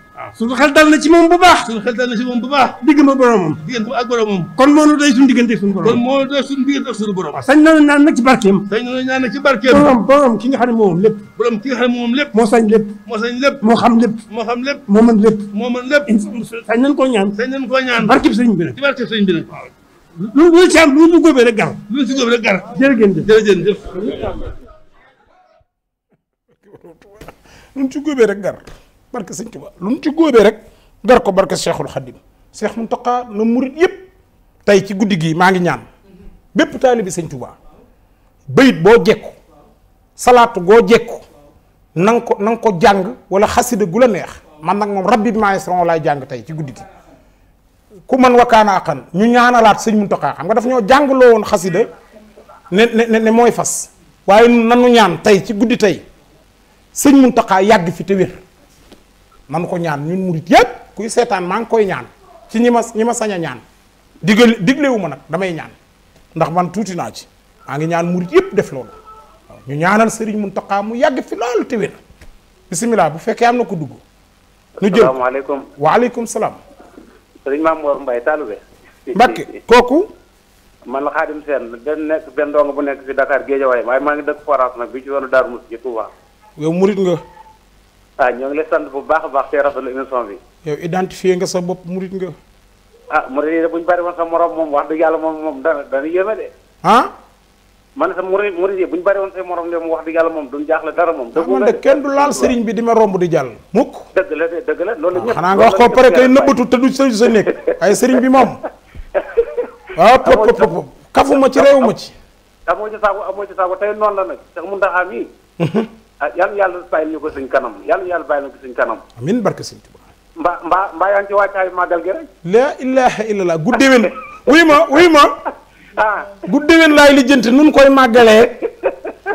Speaker 4: waaw ah. suñu xel dal na ci moom bu baax suñu xel dal na ci moom bu baax digg ma boromam diggante ak boromam kon moo nu doy suñu diggante suñu borom kon moo doy suñu diggante ak suñu borom sañ nañu naan nag ci barkeem sañ nañu naan moo moom lépp moo moom lépp moo sañ lépp moo sañ lépp moo xam lépp moo xam lépp moo mën lépp moo mën lépp sañ nañ koo ñaan sañ nañ koo ñaan barkeb sëñ bi nag ci barkeb lu lu lu mu góobee rek
Speaker 2: gar gar barke seigne touba luñ ci gobe rek gar ko barke Cheikhul Khadim Cheikh muntaka no mourid nyam. tay ci guddigi ma ngi ñaan bepp talib seigne touba beuyit bo jekku salat go jekku nang ko nang ko jang wala xasida gula neex man nak mom rabbi maestron laay jang tay ci guddigi ku man wakana akan ñu ñaanalat seigne muntaka xam nga daf ñoo lo won ne ne ne moy fas waye nanu ñaan tay ci guddi tay seigne muntaka yag fi te wer man ko ñaan ñun murid yépp kuy setan, maa ngi koy ñaan ci ñima ñima saña ñaan sañ diglé wu ma nak damay ñaan ndax man tuti na ci ma ngi ñaan murit yépp def lool ñu ñaanal sëriñ muntaka mu yàgg fi lool te wér bismillah bu fekkee amna na ko dugg ñu jël wa alaykum salam
Speaker 4: sëriñ maam Mor Mbaye Taloubé Mbakke koku man la sen ben nek ben dong bu nek fi Dakar ma ngi dekk forage nak bi ci wonu dar musjid Touba
Speaker 2: yow nga
Speaker 4: waaw ah, ñoo ngi lay sant bu baax baax te rafetlu émission bi.
Speaker 2: yow identifié nga sa bopp murit nga.
Speaker 4: ah murit yi de bu bari woon sa morom moom wax dëgg yàlla moom moom dana dana yéeme de. ah. man bari woon say morom de moom wax dëgg yàlla moom duñ jaaxle dara moom. dëgg ah, man de kenn du laal sëriñ
Speaker 2: bi di ma romb di jàll. mukk
Speaker 4: dëgg la de dëgg la loolu ñëpp. xanaa nga wax ko pare kay
Speaker 2: nëbbatu te du sa sa ay sëriñ bi moom. waaw ah, pop pop pop kafuma ci réew ma ci.
Speaker 4: amoo ci saako amoo ci saako tey noonu la nag sax mu ndaxaa mii Ah, yàlla yàlla bàyyi ñu ko suñ kanam yàlla yàlla bàyyi ñu ko suñ kanam amiin barke sëñ mbaa mbaa mbaa yaa màggal gi
Speaker 2: laa ilaha illallah guddéwén ma wuy ma ah guddéwén laay koy màggalee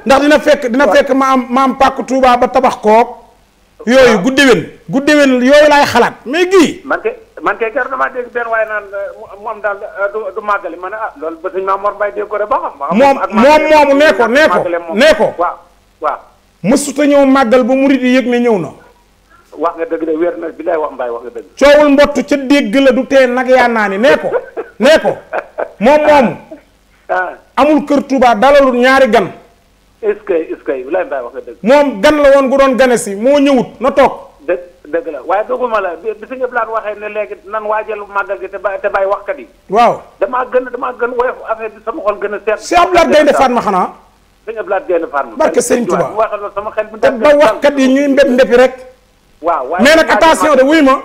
Speaker 2: ndax dina fekk dina fekk ma am ma am pàkk ba tabax koog yooyu
Speaker 4: guddéwén guddéwén yooyu mais gii man kay man kay keroog damaa dégg waaye naan eh, moom daal eh, du du màggali ma ne ah, loolu ba suñ Maam ko rek ba xam moom moom moomu nee ko nee ko nee ko
Speaker 2: mësut a ñëw màggal ba murit yi yëg ne ñëw na.
Speaker 4: wax nga dëgg de wér na bilaay wax mbaay wax nga dëgg.
Speaker 2: coowul mbott ca dégg la du tee nag yaa naa ni nee ko nee ko moom moomu. Ah. amul kër Touba dalalul ñaari gan.
Speaker 4: est ce que wax nga dëgg. moom
Speaker 2: gan la woon gu doon gane si moo
Speaker 4: ñëwut na toog. dë dëgg la waaye dogguma la bi bi si ñëpp laan waxee ne léegi nan waajal màggal gi te bàyyi te bàyyi waxkat yi. waaw damaa gën damaa gën woyof affaire bi sama xol gën a seet. si Abdoulaye Gaynde Fatma xanaa. sëñ Abdoulaye Diène Farma. barke sëñ Tuubaa
Speaker 2: te ba waxkat yi ñuy mbéb mbébi rek.
Speaker 4: waaw waaye mais nag attention de wuy ma.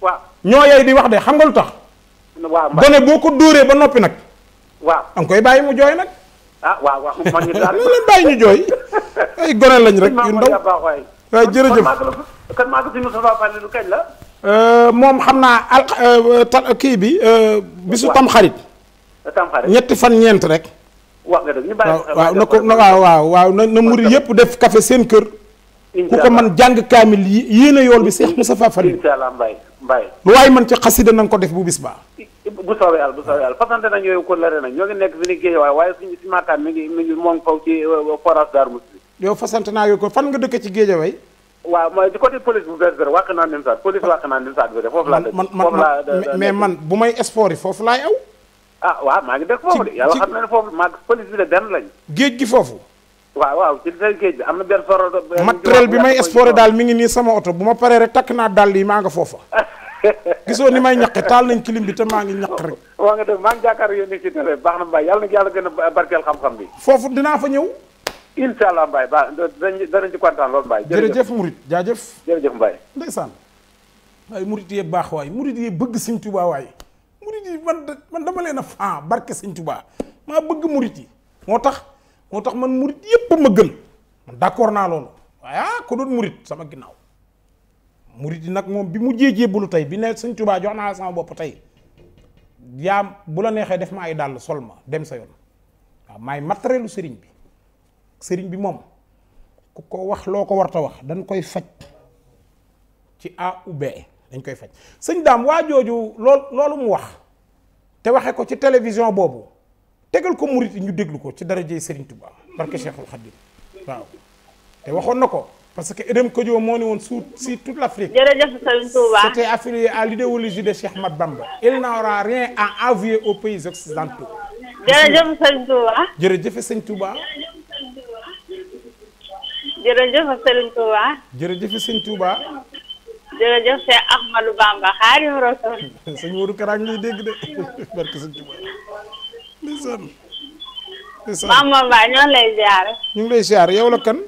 Speaker 2: waaw ñoo yey di wax de xam nga lu tax. waaw gone boo ko dóoree ba noppi nag. waaw da nga koy bàyyi mu jooy nag.
Speaker 4: ah waaw waaw man ñu daal leen bàyyi ñu jooy. ay gone lañ rek yu ndaw waaye jërëjëf kan maa ngi lu kañ la.
Speaker 2: Euh, moom xam naa al euh, kii bi euh, bisu tam xarit.
Speaker 4: tam xarit ñetti
Speaker 2: fan ñeent rek.
Speaker 4: wax nga dëgg ñu waaw na ko
Speaker 2: waaw waaw waaw na na murid def kafe seen kër. ku ko man jàng kaamil yi yéene yool bi Seex Mustafaa Fari. incha allah mbaay mbaay. lu waay man ci def bu bis baa.
Speaker 4: bu soobee yàlla bu soobee yàlla fasante nañ nekk fi ni géej waaye waaye suñu si maataan euh, euh, yow fasante naa yooyu ko fan nga dëkk ci Géejawaay. waaw mooy ci côté police bu naa Nimsaat police wàq mais man bu may sport yi foofu laay aw ah waaw maa ngi dëkk foofu de yàlla xam na ne foofu maa police bi de benn gi foofu waaw waaw ci seen bi am na benn soro matériel bi may exporté daal
Speaker 2: mi ngi nii sama oto bu ma paree rek takk naa dàll yi maa nga foofa gisoo ni may ñaqe taal nañ clim bi te maa ngi ñaq rek
Speaker 4: waa nga def maa ngi jàkkaar baax na mbaay yàlla yàlla gën a barkeel xam-xam bi foofu dinaa fa ñëw incha allah mbaay baax danañ danañ ci kontaan loolu mbaay jërëjëf murit jaajëf jërëjëf mbaay
Speaker 2: ndeysaan waaye murit yee baax waay murit yee bëgg Sëñ Tuubaa waay murit man man dama leena a barke seigne touba ma bëgg murit motax motax man murit yépp ma gën man d'accord na loolu waya ah, doon murit sama ginnaw murid nak mom bi mu jéejeebulu tay bi ne seigne touba joxna sama bop tay diam bu la nexé def ma ay dal sol ma dem sa yoon waaw lu matérielu sëriñ bi sëriñ bi mom ku ko wax loko warta wax dañ koy fajj ci A ou B dañ koy fajj sëñ wax te télévision ko ñu que à de Cheikh il n'aura rien à aux pays occidentaux
Speaker 7: jërëjëf Cheikh Ahmadou Bamba Xaadimu Rasuul.
Speaker 2: sëñ Modou Kara ñuy dégg de barke sëñ Tuubaa. ndeysaan.
Speaker 8: ndeysaan
Speaker 3: Mama Mbaye lay ziar.
Speaker 2: ñu ngi lay ziar yow la kan.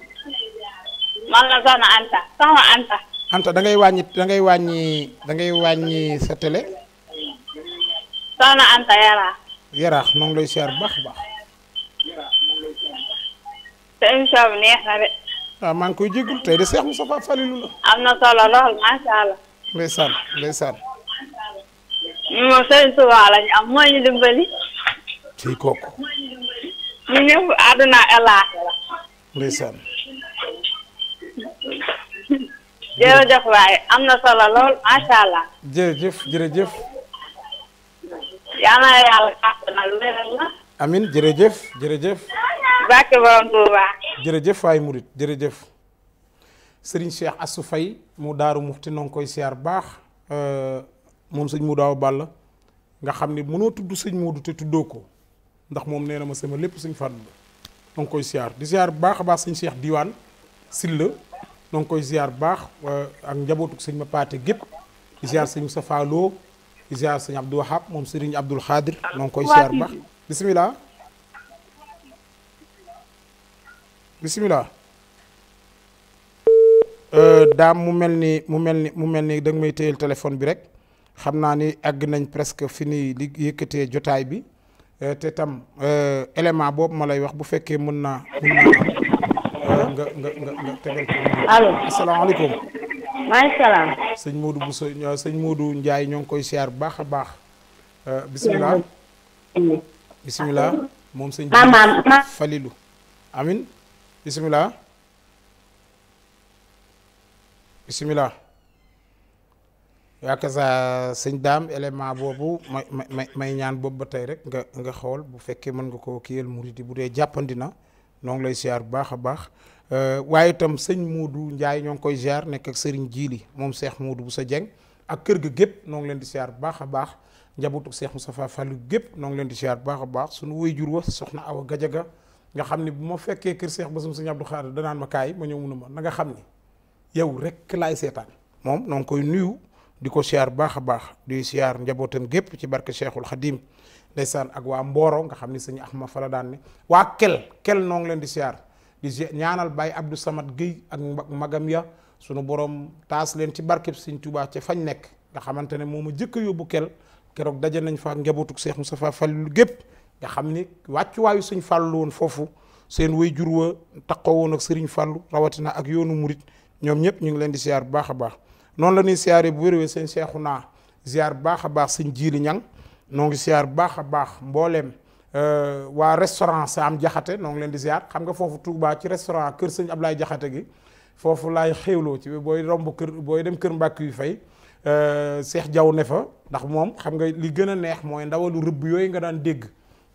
Speaker 3: man la soxna Anta soxna Anta.
Speaker 2: Anta da ngay wàññi da wàññi da wàññi sa télé.
Speaker 3: soxna Anta Yaraax.
Speaker 2: Yaraax ñoo ngi lay ziar bu baax a baax.
Speaker 3: sa émission bi neex na
Speaker 2: waaw ah, maa ngi koy jégalu tey de Cheikh Moustapha
Speaker 7: Falilou la. am na solo lool macha allah.
Speaker 2: ndeysaan ndeysaan.
Speaker 3: ñun moom Serigne Touba la ñu am moo ñu dimbali. ci kooku. ñu ñëpp àdduna àllaaxira. ndeysaan. jërëjëf waaye am na solo lool macha allah.
Speaker 2: jërëjëf jërëjëf.
Speaker 3: yal na yàlla kàttanal wéral la.
Speaker 2: amin jërëjëf jërëjëf.
Speaker 3: barke borom Touba.
Speaker 2: jërëjëf waay murit jërëjëf sëriñ Cheikh Assou fay mu daaru muxti noo koy siyaar baax euh, moom sëñ Modou Awa Balla nga xam ne mënoo tudd sëñ Modou te tuddoo ko ndax moom nee na ma sama lépp sëñ Fàllu noo ngi koy siyaar di siyaar bu baax a baax sëñ Cheikh Diwaan Silla noo ngi koy siyaar bu baax euh, ak njabootug sëñ ma paate gépp di sëñ Moustapha Lo di siyaar sëñ Abdou Wahab moom Serigne Abdoul Khadir noo ngi koy siyaar bu bisimilah. bisimilah euh, daam mu mel ni mu mel ni mu mel ni da nga may téyel téléphone bi rek xam naa ni àgg nañ presque fi ni di yëkkatee jotaay bi euh, te tam euh, élément boobu ma lay wax bu fekkee mën naa mën
Speaker 8: nga nga nga nga tegal ko. allo asalaamaaleykum.
Speaker 2: maaleykum salaam. sëñ Modou Bousso sëñ Modou Ndiaye ñoo ngi koy siyaar bu baax a baax. bisimilah. moom sëñ. maam amin bismillah bismillah Ya kaza seigne dam element bobu may may ñaan bobu tay rek nga nga xol bu fekke mën nga ko kiyel mouride bu dé jappandina na lay siyaar bu baax a baax euh, waaye itam sëñ Moodu Njaay ñoo koy siyaar nek ak seigne Jiili mom cheikh modou bu sa jeng ak kër ga gep nong leen di siar bu baax a baax njabootu Seex Moustapha Fallu gep nong leen di siar bu baax Sunu baax suñu wa soxna Awa Gajaga nga xamni ni bu ma fekkee kër Seex Basum Sëñ Abdou Khadre danaan ma kay ma ñëw mun nga xamni yow rek lay setan mom nang koy nuyu diko ko bax bax di siyaar njabotam gep ci barke Cheikhul Khadim ndaysan ak wa Mboro nga xamni seigne sëñ fala dan la daan ne waa kel kel nong len di siyaar di ñaanal bay Abdou Samad Guèye ak magam ya sunu borom tas len ci barke seigne Touba ci fañ nek nga xamantene moma jëk a jëkk kel kérok dajé nañ fa ak Cheikh Moustapha Falilou gep nga xam ni wàccuwaayu sëñ fàllu woon foofu seen way jur wa taqoo woon ak sëriñ fàllu rawatina ak yoonu murit ñoom ñëpp ñu ngi leen di siyaar bu baax a baax noonu la ñuy siyaaree bu wérwee seen seexu naa siyaar bu baax a baax sëñ jiili ñang noo ngi siyaar bu baax a baax mbooleem euh, waa restaurant Saam Jaxate noo ngi leen di siyaar xam nga foofu Touba ci restaurant kër sëñ Ablaye Jaxate gi foofu laay xéewloo ci booy romb kër booy dem kër mbàkk yu fay Seex euh, Jaw ne fa ndax moom xam nga li gën a neex mooy ndawalu rëbb yooyu nga daan dégg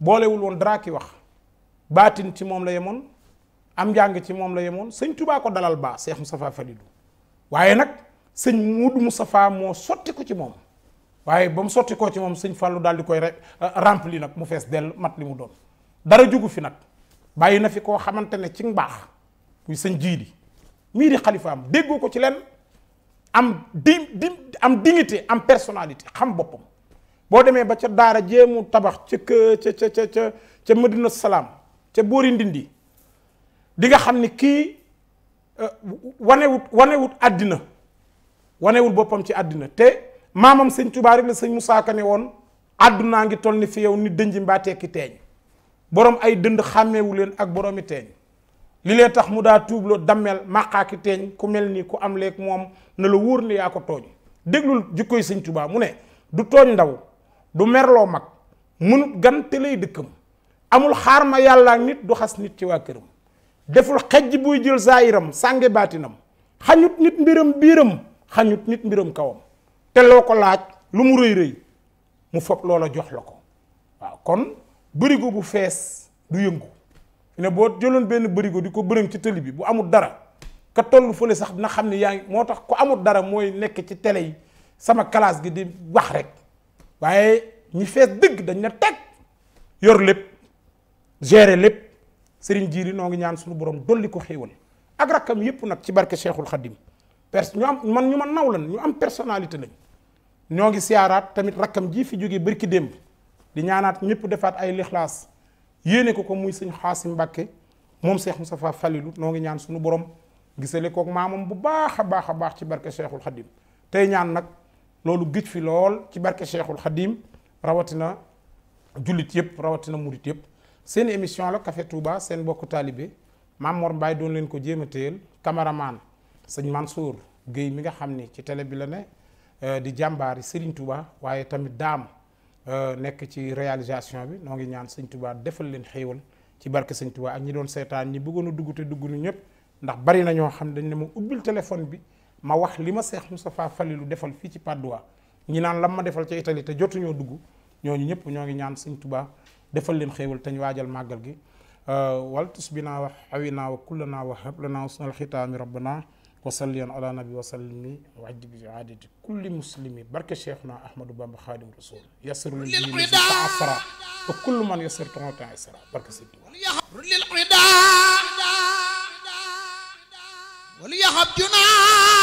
Speaker 2: boolewul woon dara ki wax baatin ci moom la yemoon am njàng ci moom la yemoon sëñ Tuubaa ko dalal baa Seex Mustafaa Faliilu waaye nag sëñ Muudu Mustafaa moo sotti ko ci moom waaye ba mu sotti koo ci moom sëñ Fàllu daal di koy rek euh, rempli nag mu fees dell mat li mu doon dara jugu fi nag bàyyi na fi koo xamante ne ci mbaax muy sëñ jiidi mii di xalifaam déggoo ko ci lenn am di di am dignité am personnalité xam boppam boo demee ba ca daara jéemu tabax ca ca ca ca ca Madina Salaam ca boori Ndindi di nga xam ni kii euh, wanewut wanewut àddina wanewul boppam ci àddina te maamam sëñ Tuubaa rek la sëñ Musaa Ka ne woon àddunaa ngi toll ni fi yow ni dënji mbaa teeñ borom ay dënd xàmmewu leen ak boroomi teeñ li lee tax mu daa tuubloo dammel màqaaki teeñ ku mel ni ku am leeg moom na la wóor ne yaa ko tooñ déglul jikkoy sëñ Tuubaa mu ne du tooñ ndaw du merloo mag mënut gan te lay dëkkam amul xaar ma yàlla nit du xas nit ci waa këram deful xejj buy jël saa zaayiram sànge baatinam xañut nit mbiram biiram xañut nit mbiram kawam te loo ko laaj lu mu rëy rëy mu fob loola jox la ko waaw kon bërigo bu fees du yëngu ne boo jëloon benn bërigo di ko bërëm ci tëli bi bu amul dara ka tollu fële sax dina xam ne yaa moo tax ku amul dara mooy nekk ci télé yi sama kalaas gi di wax rek waaye ñi fees dëgg dañ na teg yor lépp gérer lépp sëriñ jiiri noo ngi ñaan suñu borom dolli ko xéewal ak rakkam yépp nag ci barke Cheikhul Khadim pers ñu am man ñu ma naw lan ñu am personnalité lañ ñoo ngi siyaaraat tamit rakkam jii fi jógee bërki démb di ñaanaat ñëpp defaat ay lixlaas yéene ko ko muy sëñ Xaasim Mbàkke moom Cheikh Moustapha Falilu noo ngi ñaan suñu borom gisale kook maamam bu baax a baax a baax ci barke Cheikhul Khadim tey ñaan nag loolu gij fi lool ci barke Cheikhul Khadim rawatina jullit yëpp rawatina murit yëpp seen émission la Café Touba seen mbokku taalibe Maam Mor Mbaye doon leen ko jéem a téyel cameraman sëñ Mansour Guèye mi nga xam ni ci télé bi la ne euh, di jàmbaar jàmbaari Serigne Touba waaye tamit daam euh, nekk ci réalisation bi noo ngi ñaan sëñ Touba defal leen xéewal ci barke sëñ Touba ak ñi doon seetaan ñi bëggoon a dugg te dugg nu ñëpp ndax bari na ñoo xam dañ ne ma ubbil téléphone bi. ma wax lima cheikh seex Moustapha Falilou defal fi ci Patte ñi naan lam ma defal ci Italie te jotu ñoo dugg ñooñu ñëpp ñoo ngi ñaan seigne touba defal leen xéewal tan ñu magal gi euh wal tusbina wa hawina wa kullana wa hablana naa usnal xitaami rabbana wa salli ala nabi wa sallimi wa ajdi bi aadati kulli muslimi barke cheikhna ahmadou bamba xaadim rasul yasir lil asra wa kullu man yassir tontan isra barke Sëñ
Speaker 1: Tuubaa وليهب جناح